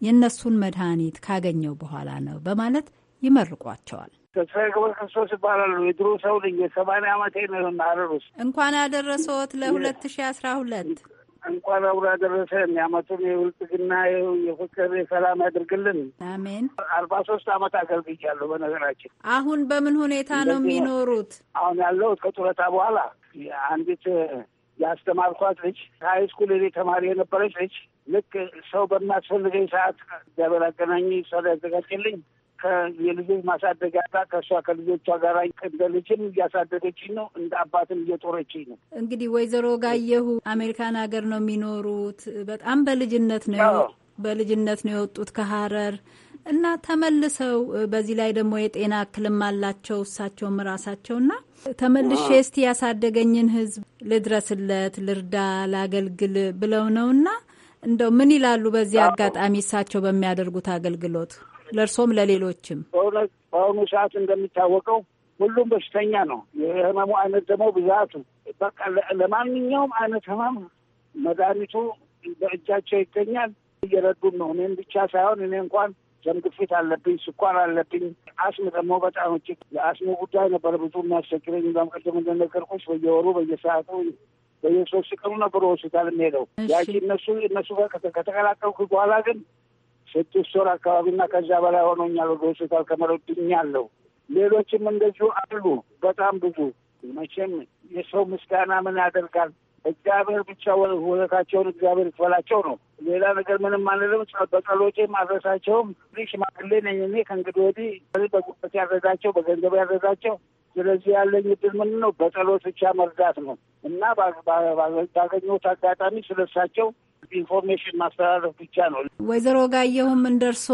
Speaker 8: የእነሱን መድኃኒት ካገኘው በኋላ ነው በማለት ይመርቋቸዋል።
Speaker 2: ተስፋዬ ገብረ ክርስቶስ ይባላሉ። የድሮ ሰው ነኝ። የሰማንያ ዓመቴ ነው። ሀረር
Speaker 8: እንኳን አደረሰዎት ለሁለት
Speaker 2: ሺ አስራ ሁለት እንኳን አብሮ ያደረሰን የአመቱን የብልጽግና የፍቅር የሰላም ያድርግልን። አሜን። አርባ ሶስት አመት አገልግያለሁ። በነገራችን
Speaker 8: አሁን በምን ሁኔታ ነው የሚኖሩት?
Speaker 2: አሁን ያለሁት ከጡረታ በኋላ አንዲት ያስተማርኳት ልጅ ሀይ ስኩል እኔ ተማሪ የነበረች ልጅ ልክ ሰው በማስፈልገኝ ሰዓት እግዚአብሔር አገናኝ ሰው ሊያዘጋጅልኝ የልጆች ማሳደግ ጋር ከእሷ ከልጆቿ ጋር እንደ ልጅም እያሳደገችኝ ነው፣ እንደ አባትም እየጦረችኝ ነው።
Speaker 8: እንግዲህ ወይዘሮ ጋየሁ አሜሪካን ሀገር ነው የሚኖሩት። በጣም በልጅነት ነው በልጅነት ነው የወጡት ከሀረር እና ተመልሰው በዚህ ላይ ደግሞ የጤና እክልም አላቸው እሳቸውም ራሳቸው እና ተመልሼ እስቲ ያሳደገኝን ህዝብ ልድረስለት፣ ልርዳ፣ ላገልግል ብለው ነው እና እንደው ምን ይላሉ በዚህ አጋጣሚ እሳቸው በሚያደርጉት አገልግሎት ለእርሶም ለሌሎችም?
Speaker 2: በእውነት በአሁኑ ሰዓት እንደሚታወቀው ሁሉም በሽተኛ ነው። የህመሙ አይነት ደግሞ ብዛቱ፣ በቃ ለማንኛውም አይነት ህመም መድኃኒቱ በእጃቸው ይገኛል። እየረዱም ነው። እኔም ብቻ ሳይሆን እኔ እንኳን ደም ግፊት አለብኝ፣ ስኳር አለብኝ። አስም ደግሞ በጣም እጅግ የአስሙ ጉዳይ ነበር ብዙ የሚያስቸግረኝ። በቀደም እንደነገርኩሽ በየወሩ በየሰዓቱ በየሶስት ቀኑ ነበር ሆስፒታል የሚሄደው። ያቺ እነሱ እነሱ ጋር ከተቀላቀልኩ በኋላ ግን ስድስት ወር አካባቢና ከዛ በላይ ሆኖኛል ወደ ሆስፒታል ከመረዱኛለሁ። ሌሎችም እንደዚሁ አሉ፣ በጣም ብዙ። መቼም የሰው ምስጋና ምን ያደርጋል? እግዚአብሔር ብቻ ውለታቸውን እግዚአብሔር ይክፈላቸው ነው። ሌላ ነገር ምንም አንልም። በጸሎቴ ማድረሳቸውም ሽማግሌ ነኝ እኔ። ከእንግዲህ ወዲህ በጉበት ያረዳቸው፣ በገንዘብ ያረዳቸው ስለዚህ ያለኝ እድል ምን ነው? በጸሎት ብቻ መርዳት ነው እና ባገኘሁት አጋጣሚ ስለሳቸው ኢንፎርሜሽን ማስተላለፍ ብቻ ነው።
Speaker 8: ወይዘሮ ጋየሁም እንደርሶ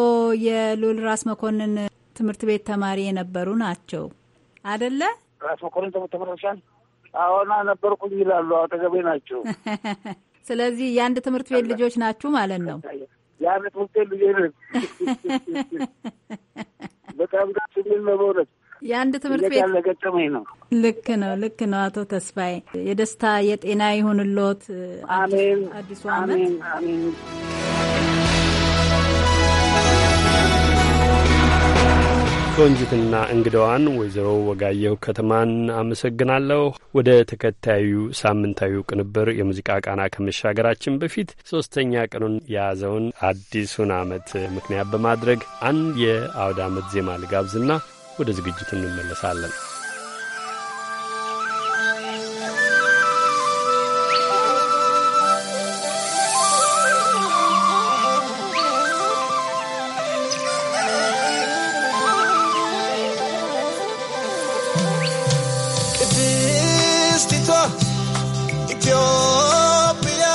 Speaker 8: እርሶ ራስ መኮንን ትምህርት ቤት ተማሪ የነበሩ ናቸው አደለ?
Speaker 2: ራስ መኮንን ትምህርት ተመረሻል? አዎና ነበርኩኝ ይላሉ። አጠገቤ ናቸው።
Speaker 8: ስለዚህ የአንድ ትምህርት ቤት ልጆች ናችሁ ማለት ነው።
Speaker 2: የአንድ ትምህርት ቤት ልጆች በጣም ደስ የሚል ነው በእውነት
Speaker 8: የአንድ ትምህርት ቤት ያለገጠመኝ ነው። ልክ ነው፣ ልክ ነው። አቶ ተስፋዬ የደስታ የጤና ይሁንሎት። አሜን። አዲሱ አመት አሜን።
Speaker 3: ቆንጅትና እንግዳዋን ወይዘሮ ወጋየሁ ከተማን አመሰግናለሁ። ወደ ተከታዩ ሳምንታዊ ቅንብር የሙዚቃ ቃና ከመሻገራችን በፊት ሶስተኛ ቀኑን የያዘውን አዲሱን አመት ምክንያት በማድረግ አንድ የአውደ አመት ዜማ ልጋብዝና ወደ ዝግጅቱ እንመለሳለን።
Speaker 9: Etiopiya,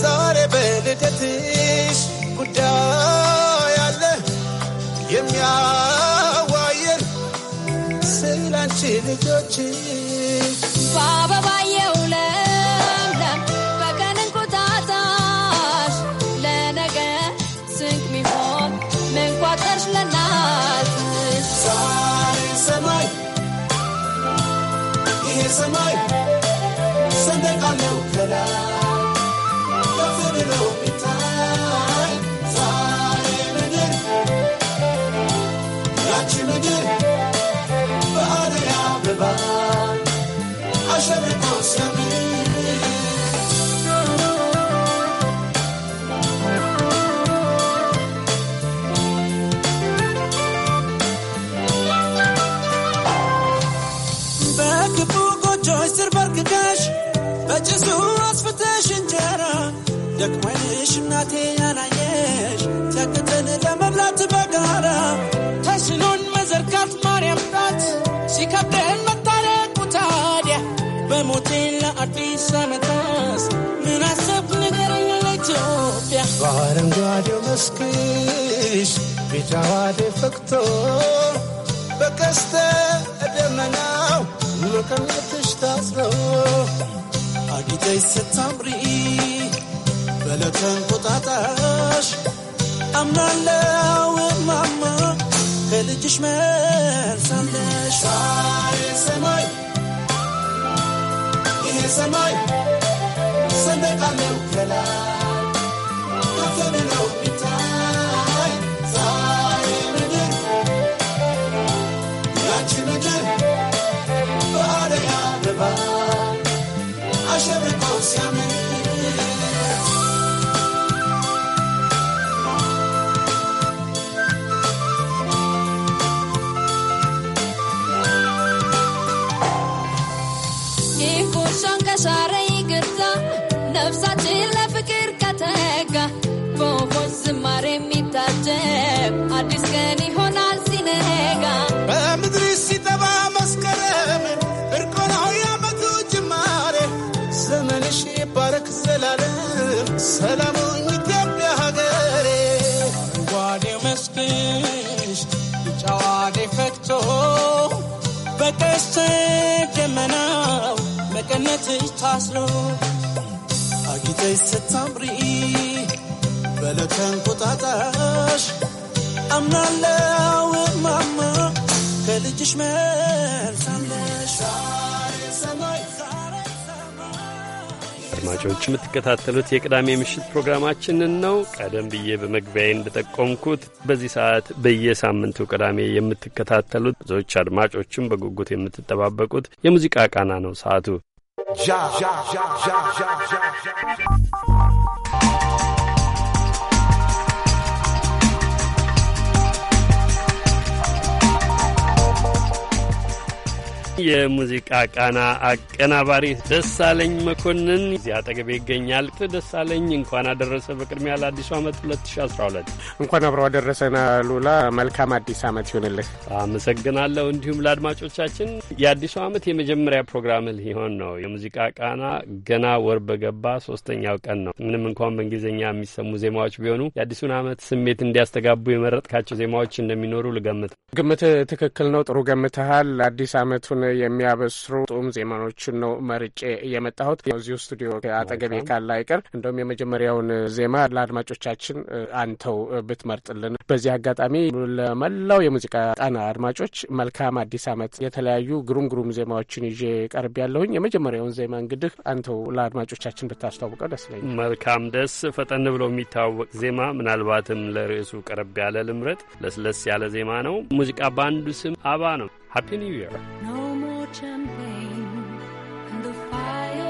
Speaker 9: sare benedetish, buddha. choche
Speaker 10: baba
Speaker 9: ያላየሽ እናቴ ያላየሽ ተክተን ለመብላት በጋራ ተስሎን መዘርጋት ማርያም ናት ሲከብደን መታረቁ ታዲያ በሞቴ ለአዲስ ዓመታስ ምን አሰብ ንገረኝ ለኢትዮጵያ
Speaker 11: በአረንጓዴው
Speaker 9: መስክሽ ቢጫዋ ደፈክቶ በቀስተ ደመናው መቀነትሽ ታስሮ አጊጠይ ስታምሪ ለተንቆጣጣሽ አምናለው ማማ ከልጅሽ መልሳለሽ ሰማይ ይሄ ሰማይ ሰንደቃለው ከላይ
Speaker 12: መስከረም አዲስ ቀን ይሆናል
Speaker 9: ሲጠባ መስከረም እርቆናው የዓመቱ ጅማሬ ዘመንሽ ይባረክ ዘላለም ሰላሙኝ ኢትዮጵያ ሀገሬ ጓዴ መስክሽ ጫዋዴ ፈክቶ በቀስተ ደመናው መቀነትሽ ታስሎ አጊጠሽ ስታምሪ በለተንቁጣጣሽ
Speaker 3: አድማጮች የምትከታተሉት የቅዳሜ ምሽት ፕሮግራማችንን ነው። ቀደም ብዬ በመግቢያዬ እንደጠቆምኩት በዚህ ሰዓት በየሳምንቱ ቅዳሜ የምትከታተሉት ብዙዎች አድማጮችም በጉጉት የምትጠባበቁት የሙዚቃ ቃና ነው ሰዓቱ። የሙዚቃ ቃና አቀናባሪ ደሳለኝ መኮንን እዚህ አጠገቤ ይገኛል። ደሳለኝ እንኳን አደረሰ በቅድሚያ ለአዲሱ ዓመት 2012
Speaker 5: እንኳን አብሮ አደረሰን። ሉላ መልካም አዲስ ዓመት ይሆንልህ። አመሰግናለሁ።
Speaker 3: እንዲሁም ለአድማጮቻችን የአዲሱ ዓመት የመጀመሪያ ፕሮግራም ሊሆን ነው። የሙዚቃ ቃና ገና ወር በገባ ሶስተኛው ቀን ነው። ምንም እንኳን በእንግሊዝኛ የሚሰሙ ዜማዎች ቢሆኑ የአዲሱን ዓመት ስሜት እንዲያስተጋቡ የመረጥካቸው ዜማዎች እንደሚኖሩ ልገምት።
Speaker 5: ግምት ትክክል ነው። ጥሩ ገምትሃል። አዲስ ዓመቱን የሚያበስሩ ጡም ዜማኖችን ነው መርጬ የመጣሁት። እዚሁ ስቱዲዮ አጠገቤ ካለ አይቀር እንደውም የመጀመሪያውን ዜማ ለአድማጮቻችን አንተው ብትመርጥልን። በዚህ አጋጣሚ ለመላው የሙዚቃ ጣና አድማጮች መልካም አዲስ ዓመት። የተለያዩ ግሩም ግሩም ዜማዎችን ይዤ ቀርብ ያለሁኝ። የመጀመሪያውን ዜማ እንግዲህ አንተው ለአድማጮቻችን ብታስታውቀው ደስ ይለኛል።
Speaker 3: መልካም ደስ ፈጠን ብሎ የሚታወቅ ዜማ ምናልባትም ለርዕሱ ቀረብ ያለ ልምረጥ። ለስለስ ያለ ዜማ ነው። ሙዚቃ በአንዱ ስም አባ ነው። Happy New Year.
Speaker 9: No more champagne and the fire.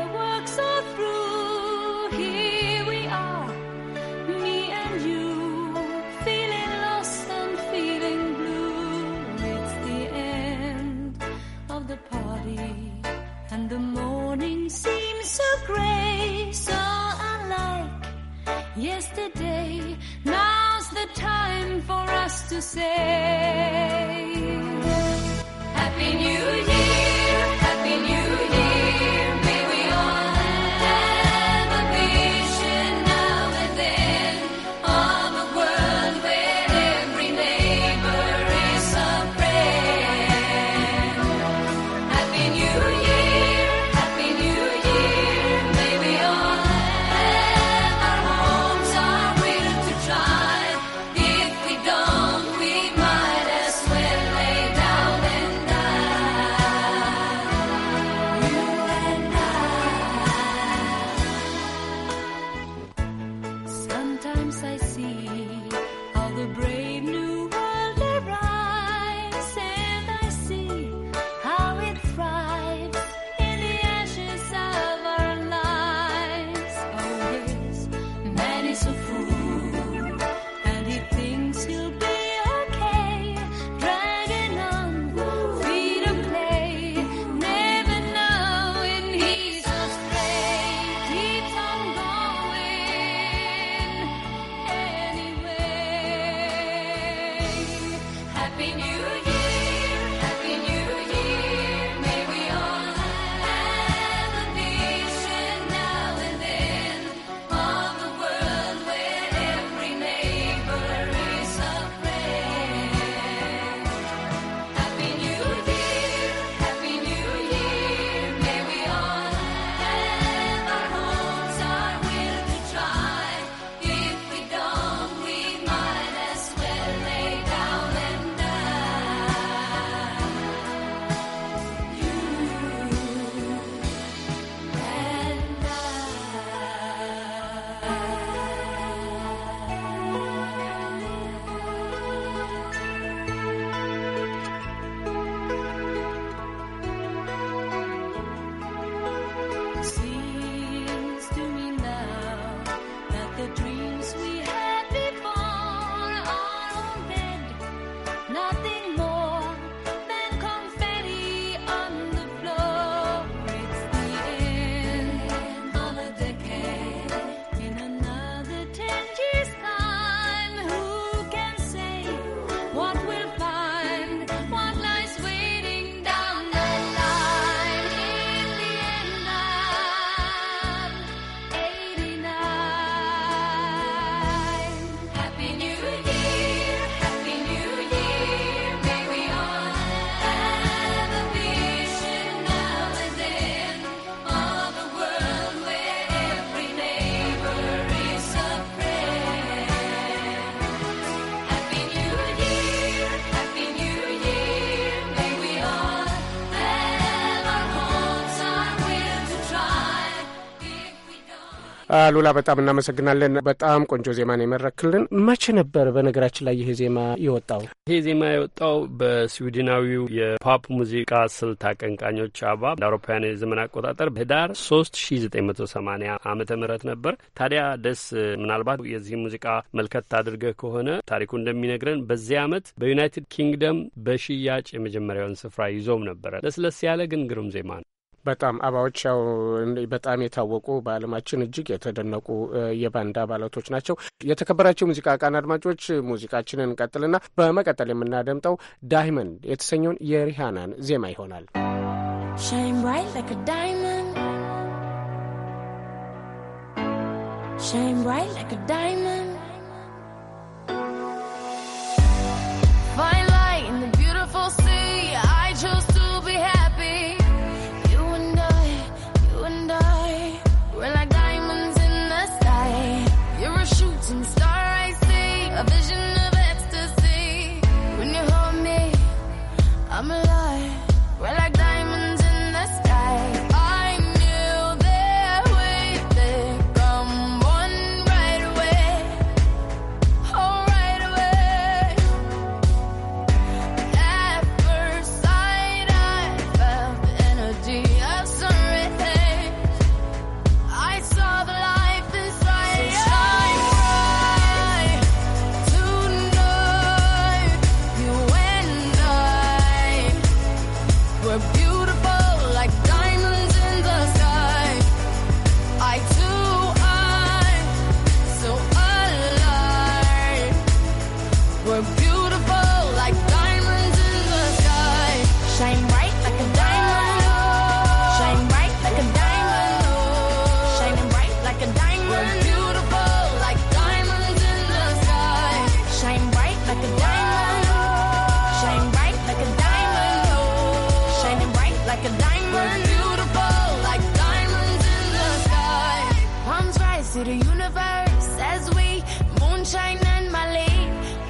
Speaker 5: አሉላ በጣም እናመሰግናለን። በጣም ቆንጆ ዜማ ነው የመረክልን። መቼ ነበር በነገራችን ላይ ይሄ ዜማ የወጣው?
Speaker 3: ይሄ ዜማ የወጣው በስዊድናዊው የፖፕ ሙዚቃ ስልት አቀንቃኞች አባ እንደ የዘመን አቆጣጠር ህዳር 3980 ዓመተ ምህረት ነበር። ታዲያ ደስ ምናልባት የዚህ ሙዚቃ መልከት አድርገህ ከሆነ ታሪኩ እንደሚነግረን በዚህ አመት በዩናይትድ ኪንግደም በሽያጭ የመጀመሪያውን ስፍራ ይዞም ነበረ። ለስለስ ያለ ግን ግሩም ዜማ ነው።
Speaker 5: በጣም አባዎች ያው በጣም የታወቁ በዓለማችን እጅግ የተደነቁ የባንድ አባላቶች ናቸው። የተከበራቸው የሙዚቃ ቃን አድማጮች ሙዚቃችንን እንቀጥልና በመቀጠል የምናደምጠው ዳይመንድ የተሰኘውን የሪሃናን ዜማ ይሆናል።
Speaker 12: Shine bright like a diamond. to the universe as we moonshine and Malay.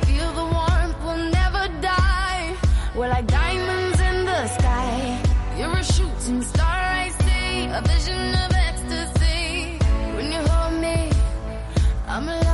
Speaker 12: Feel the warmth, we'll never die. We're like diamonds in the sky. You're a shooting star, I see. A vision of ecstasy. When you hold me, I'm alive.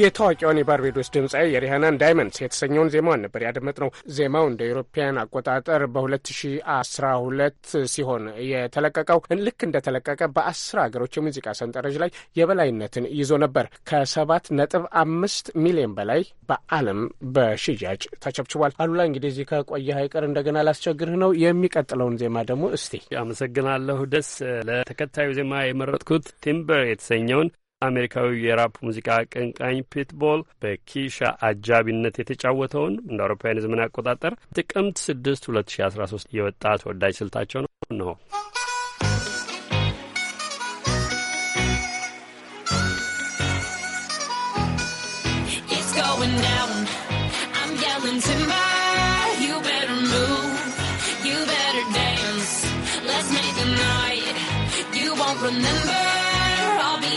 Speaker 5: የታዋቂዋን የባርቤዶስ ድምፃዊ የሪሃናን ዳይመንድስ የተሰኘውን ዜማዋን ነበር ያደመጥነው። ዜማው እንደ ኤሮፓያን አቆጣጠር በ2012 ሲሆን የተለቀቀው ልክ እንደተለቀቀ በአስር ሀገሮች የሙዚቃ ሰንጠረዥ ላይ የበላይነትን ይዞ ነበር። ከሰባት ነጥብ አምስት ሚሊዮን በላይ በዓለም በሽያጭ ተቸብችቧል። አሉላ እንግዲህ እዚህ ከቆየ ሀይቀር እንደገና ላስቸግርህ ነው። የሚቀጥለውን ዜማ ደግሞ እስቲ
Speaker 3: አመሰግናለሁ። ደስ ለተከታዩ ዜማ የመረጥኩት ቲምበር የተሰኘውን አሜሪካዊ የራፕ ሙዚቃ አቀንቃኝ ፒትቦል በኪሻ አጃቢነት የተጫወተውን እንደ አውሮፓውያን ዘመን አቆጣጠር ጥቅምት 6 2013 የወጣ ተወዳጅ ስልታቸው ነው።
Speaker 10: Remember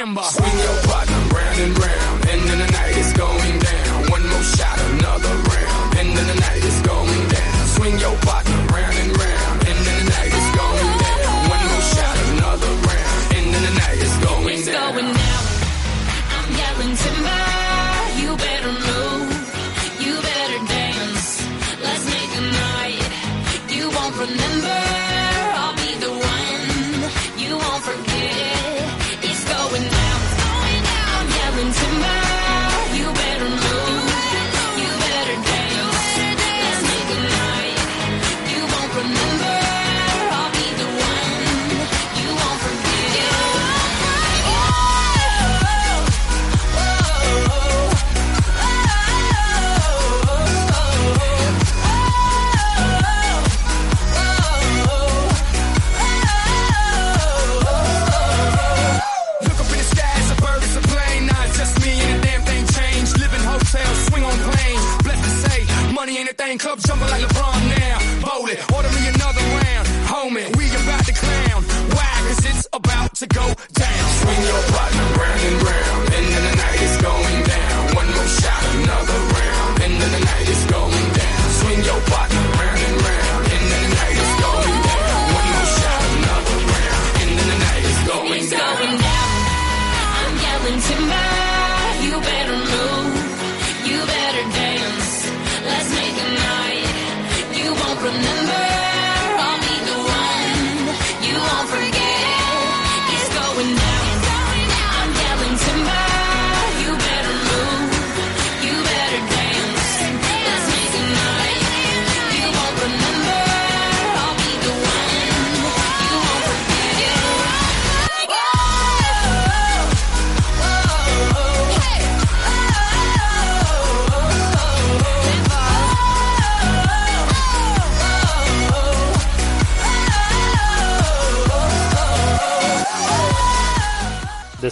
Speaker 9: timber. Swing your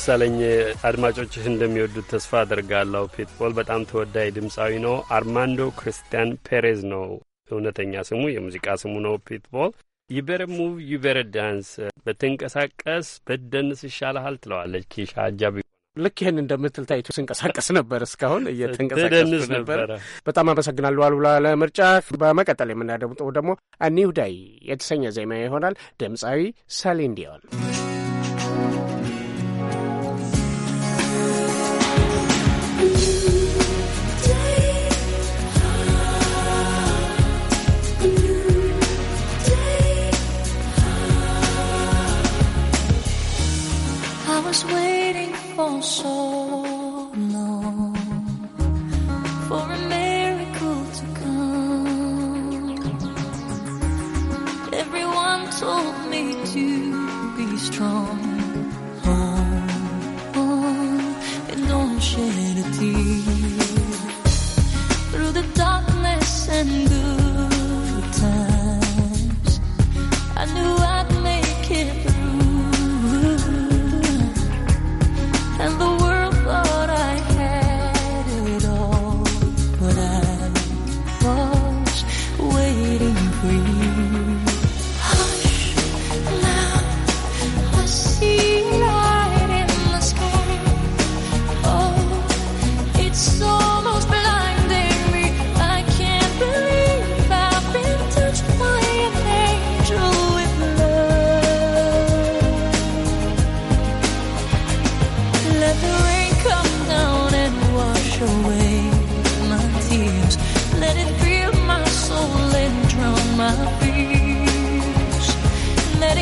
Speaker 3: ደሳለኝ አድማጮችህ እንደሚወዱት ተስፋ አድርጋለሁ። ፔትቦል በጣም ተወዳጅ ድምፃዊ ነው። አርማንዶ ክርስቲያን ፔሬዝ ነው እውነተኛ ስሙ፣ የሙዚቃ ስሙ ነው ፔትቦል። ዩበር ሙቭ ዩበር ዳንስ፣ በትንቀሳቀስ በደንስ ይሻልሃል ትለዋለች ኬሻ አጃቢ። ልክ ይህን እንደምትል ታይቶ ስንቀሳቀስ ነበር። እስካሁን እየተንቀሳቀስ ነበር።
Speaker 5: በጣም አመሰግናለሁ አሉላ ለምርጫ። በመቀጠል የምናደምጠው ደግሞ ኒው ዳይ የተሰኘ ዜማ ይሆናል። ድምፃዊ ሰሊን ዲዮን
Speaker 9: was waiting for so long for a miracle to come.
Speaker 10: Everyone told me to be strong. Oh, oh, and don't shed a tear through the darkness and good times. I knew.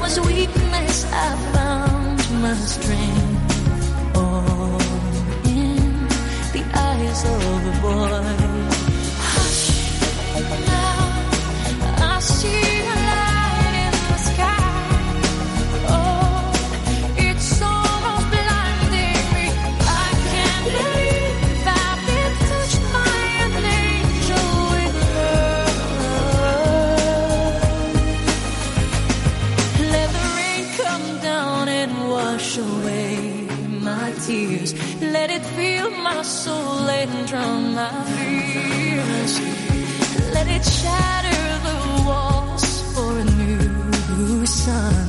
Speaker 10: was weakness, I found my strength. All
Speaker 9: in the eyes of a boy.
Speaker 10: and drown my fears. Let it shatter the walls for a new sun.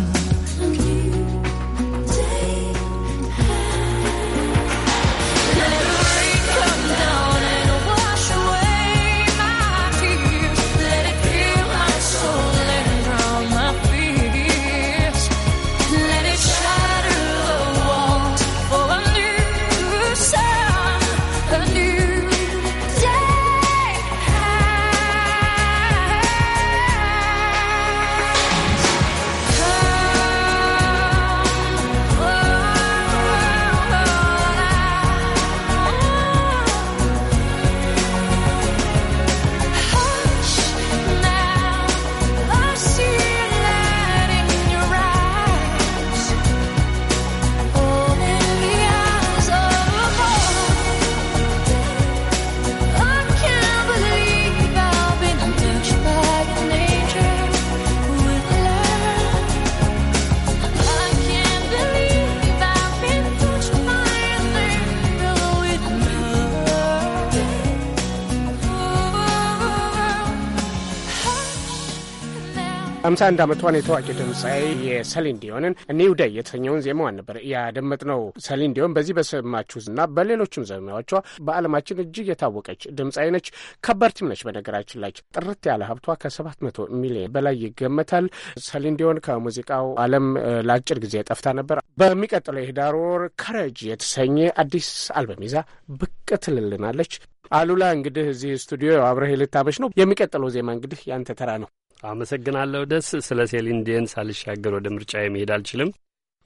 Speaker 5: 51 ዓመቷን የታዋቂ ድምፃዊ የሰሊን ዲዮንን ኒው ደይ የተሰኘውን ዜማዋን ነበር ያደመጥነው። ሰሊን ዲዮን በዚህ በሰማችሁ እና በሌሎችም ዜማዎቿ በዓለማችን እጅግ የታወቀች ድምፃዊ ነች። ከበርቲም ነች። በነገራችን ላይ ጥርት ያለ ሀብቷ ከ700 ሚሊዮን በላይ ይገመታል። ሰሊን ዲዮን ከሙዚቃው ዓለም ለአጭር ጊዜ ጠፍታ ነበር። በሚቀጥለው የህዳር ወር ከረጅ የተሰኘ አዲስ አልበም ይዛ ብቅ ትልልናለች። አሉላ እንግዲህ እዚህ ስቱዲዮ አብረህ ልታመሽ ነው። የሚቀጥለው
Speaker 3: ዜማ እንግዲህ ያንተ ተራ ነው። አመሰግናለሁ። ደስ ስለ ሴሊን ዲዮን ሳልሻገር ወደ ምርጫ የመሄድ አልችልም።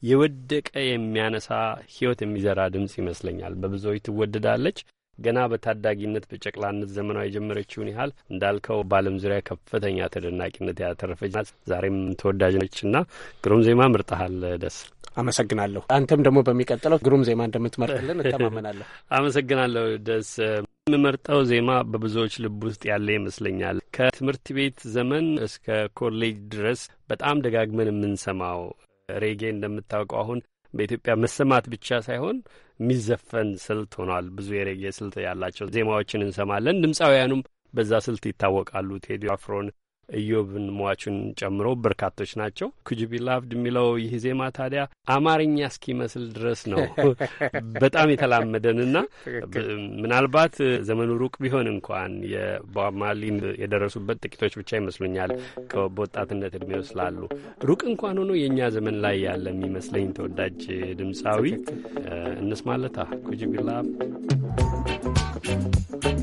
Speaker 3: የወደቀ የሚያነሳ ህይወት የሚዘራ ድምፅ ይመስለኛል። በብዙዎች ትወደዳለች። ገና በታዳጊነት በጨቅላነት ዘመኗ የጀመረችውን ያህል እንዳልከው በዓለም ዙሪያ ከፍተኛ ተደናቂነት ያተረፈች ዛሬም ተወዳጅ ነችና ግሩም ዜማ ምርጠሃል ደስ አመሰግናለሁ።
Speaker 5: አንተም ደግሞ በሚቀጥለው ግሩም ዜማ እንደምትመርጥልን እተማመናለሁ።
Speaker 3: አመሰግናለሁ ደስ የምመርጠው ዜማ በብዙዎች ልብ ውስጥ ያለ ይመስለኛል። ከትምህርት ቤት ዘመን እስከ ኮሌጅ ድረስ በጣም ደጋግመን የምንሰማው ሬጌ እንደምታውቀው አሁን በኢትዮጵያ መሰማት ብቻ ሳይሆን የሚዘፈን ስልት ሆኗል። ብዙ የሬጌ ስልት ያላቸው ዜማዎችን እንሰማለን። ድምፃውያኑም በዛ ስልት ይታወቃሉ። ቴዲ አፍሮን ኢዮብን ሟቹን ጨምሮ በርካቶች ናቸው። ኩጅቢ ኩጅቢላፍድ የሚለው ይህ ዜማ ታዲያ አማርኛ እስኪመስል ድረስ ነው በጣም የተላመደንና ምናልባት ዘመኑ ሩቅ ቢሆን እንኳን የማሊን የደረሱበት ጥቂቶች ብቻ ይመስሉኛል በወጣትነት እድሜው ስላሉ ሩቅ እንኳን ሆኖ የእኛ ዘመን ላይ ያለ የሚመስለኝ ተወዳጅ ድምፃዊ እንስማለታ ኩጅቢ ኩጅቢላፍድ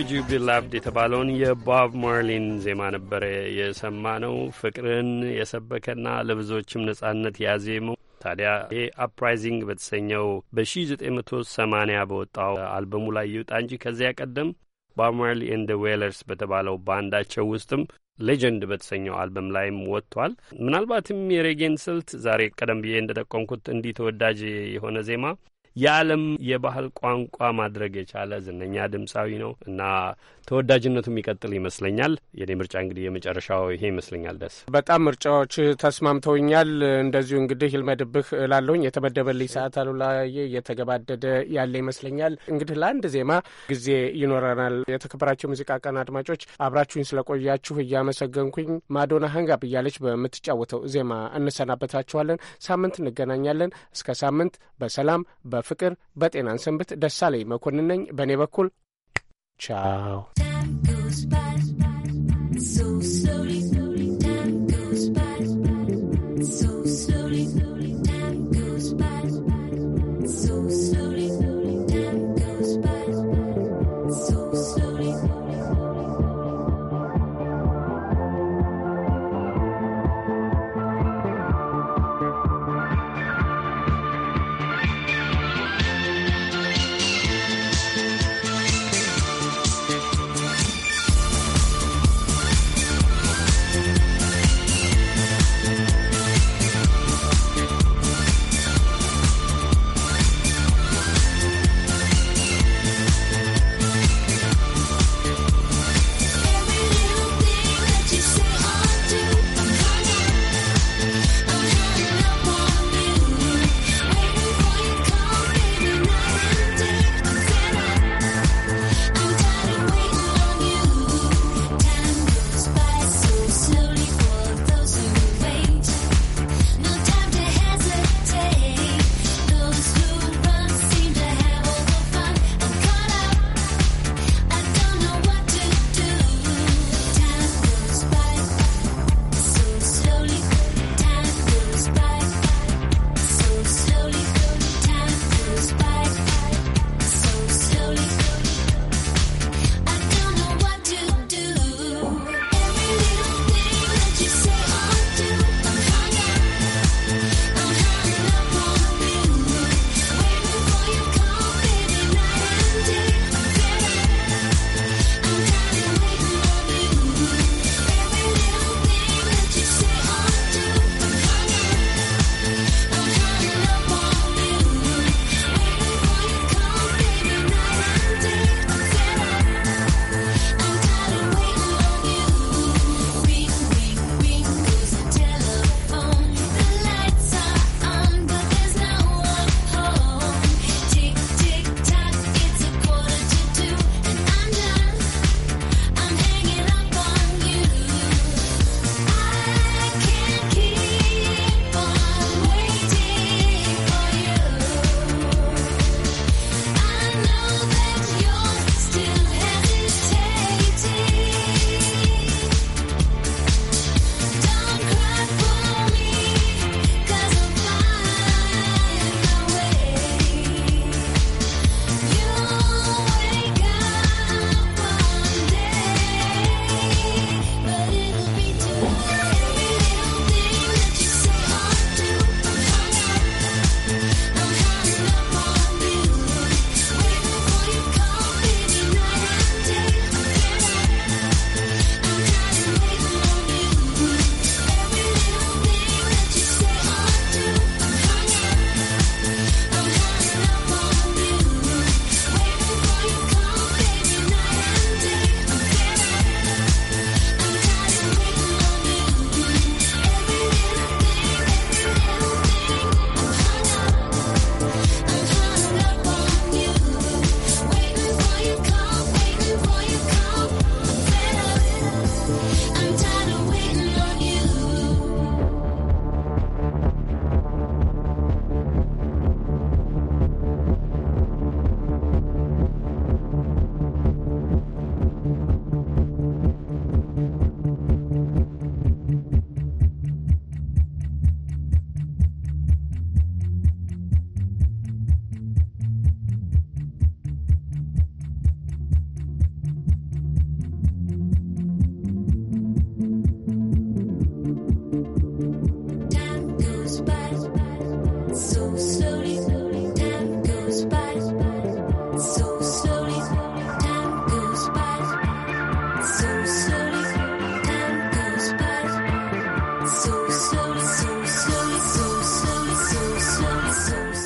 Speaker 3: ኩድ ቢ ላቭድ የተባለውን የቦብ ማርሊን ዜማ ነበረ የሰማ ነው። ፍቅርን የሰበከና ለብዙዎችም ነጻነት ያዜመው ታዲያ ይሄ አፕራይዚንግ በተሰኘው በ1980 በወጣው አልበሙ ላይ ይውጣ እንጂ ከዚያ ቀደም ቦብ ማርሊ ኤንድ ዌለርስ በተባለው ባንዳቸው ውስጥም ሌጀንድ በተሰኘው አልበም ላይም ወጥቷል። ምናልባትም የሬጌን ስልት ዛሬ ቀደም ብዬ እንደጠቆምኩት እንዲህ ተወዳጅ የሆነ ዜማ የዓለም የባህል ቋንቋ ማድረግ የቻለ ዝነኛ ድምፃዊ ነው እና ተወዳጅነቱ የሚቀጥል ይመስለኛል። የኔ ምርጫ እንግዲህ የመጨረሻው ይሄ ይመስለኛል። ደስ
Speaker 5: በጣም ምርጫዎች ተስማምተውኛል። እንደዚሁ እንግዲህ ይልመድብህ ላለሁኝ የተመደበልኝ ሰዓት አሉላ እየተገባደደ ያለ ይመስለኛል። እንግዲህ ለአንድ ዜማ ጊዜ ይኖረናል። የተከበራቸው ሙዚቃ ቀን አድማጮች አብራችሁኝ ስለቆያችሁ እያመሰገንኩኝ ማዶና ሀንጋብ እያለች በምትጫወተው ዜማ እንሰናበታችኋለን። ሳምንት እንገናኛለን። እስከ ሳምንት በሰላም በፍቅር በጤናን ሰንብት። ደሳለኝ መኮንን ነኝ በእኔ በኩል Ciao.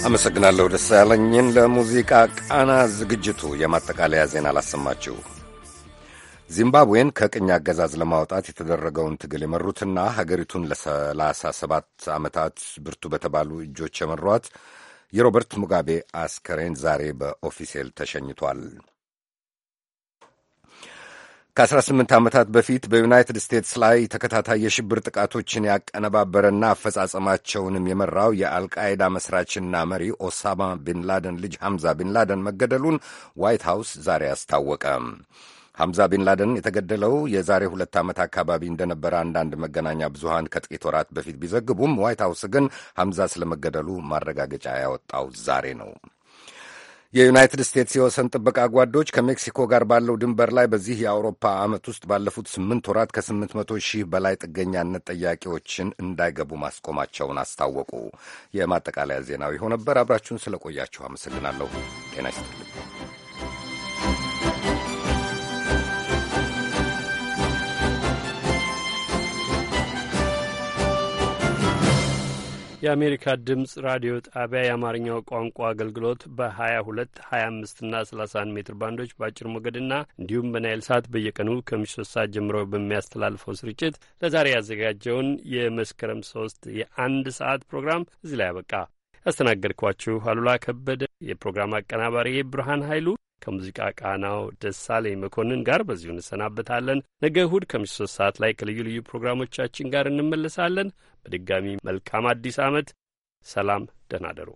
Speaker 4: አመሰግናለሁ ደስ ያለኝን ለሙዚቃ ቃና ዝግጅቱ የማጠቃለያ ዜና አላሰማችሁ። ዚምባብዌን ከቅኝ አገዛዝ ለማውጣት የተደረገውን ትግል የመሩትና ሀገሪቱን ለሰላሳ ሰባት ዓመታት ብርቱ በተባሉ እጆች የመሯት የሮበርት ሙጋቤ አስከሬን ዛሬ በኦፊሴል ተሸኝቷል። ከ18 ዓመታት በፊት በዩናይትድ ስቴትስ ላይ ተከታታይ የሽብር ጥቃቶችን ያቀነባበረና አፈጻጸማቸውንም የመራው የአልቃይዳ መስራችና መሪ ኦሳማ ቢንላደን ልጅ ሐምዛ ቢንላደን መገደሉን ዋይት ሃውስ ዛሬ አስታወቀ። ሐምዛ ቢንላደን የተገደለው የዛሬ ሁለት ዓመት አካባቢ እንደነበረ አንዳንድ መገናኛ ብዙሃን ከጥቂት ወራት በፊት ቢዘግቡም ዋይት ሃውስ ግን ሐምዛ ስለመገደሉ ማረጋገጫ ያወጣው ዛሬ ነው። የዩናይትድ ስቴትስ የወሰን ጥበቃ ጓዶች ከሜክሲኮ ጋር ባለው ድንበር ላይ በዚህ የአውሮፓ ዓመት ውስጥ ባለፉት ስምንት ወራት ከስምንት መቶ ሺህ በላይ ጥገኛነት ጠያቂዎችን እንዳይገቡ ማስቆማቸውን አስታወቁ። የማጠቃለያ ዜናው ይኸው ነበር። አብራችሁን ስለቆያችሁ አመሰግናለሁ። ጤና ይስጥልኝ።
Speaker 3: የአሜሪካ ድምጽ ራዲዮ ጣቢያ የአማርኛው ቋንቋ አገልግሎት በ22፣ 25 እና 31 ሜትር ባንዶች በአጭር ሞገድና እንዲሁም በናይል ሳት በየቀኑ ከምሽቱ ሶስት ሰዓት ጀምሮ በሚያስተላልፈው ስርጭት ለዛሬ ያዘጋጀውን የመስከረም ሶስት የአንድ ሰዓት ፕሮግራም እዚህ ላይ አበቃ። ያስተናገድኳችሁ አሉላ ከበደ፣ የፕሮግራም አቀናባሪ ብርሃን ኃይሉ ከሙዚቃ ቃናው ደሳለኝ መኮንን ጋር በዚሁ እንሰናበታለን። ነገ እሁድ ከምሽቱ ሶስት ሰዓት ላይ ከልዩ ልዩ ፕሮግራሞቻችን ጋር እንመለሳለን። በድጋሚ መልካም አዲስ ዓመት። ሰላም፣ ደህና ደሩ።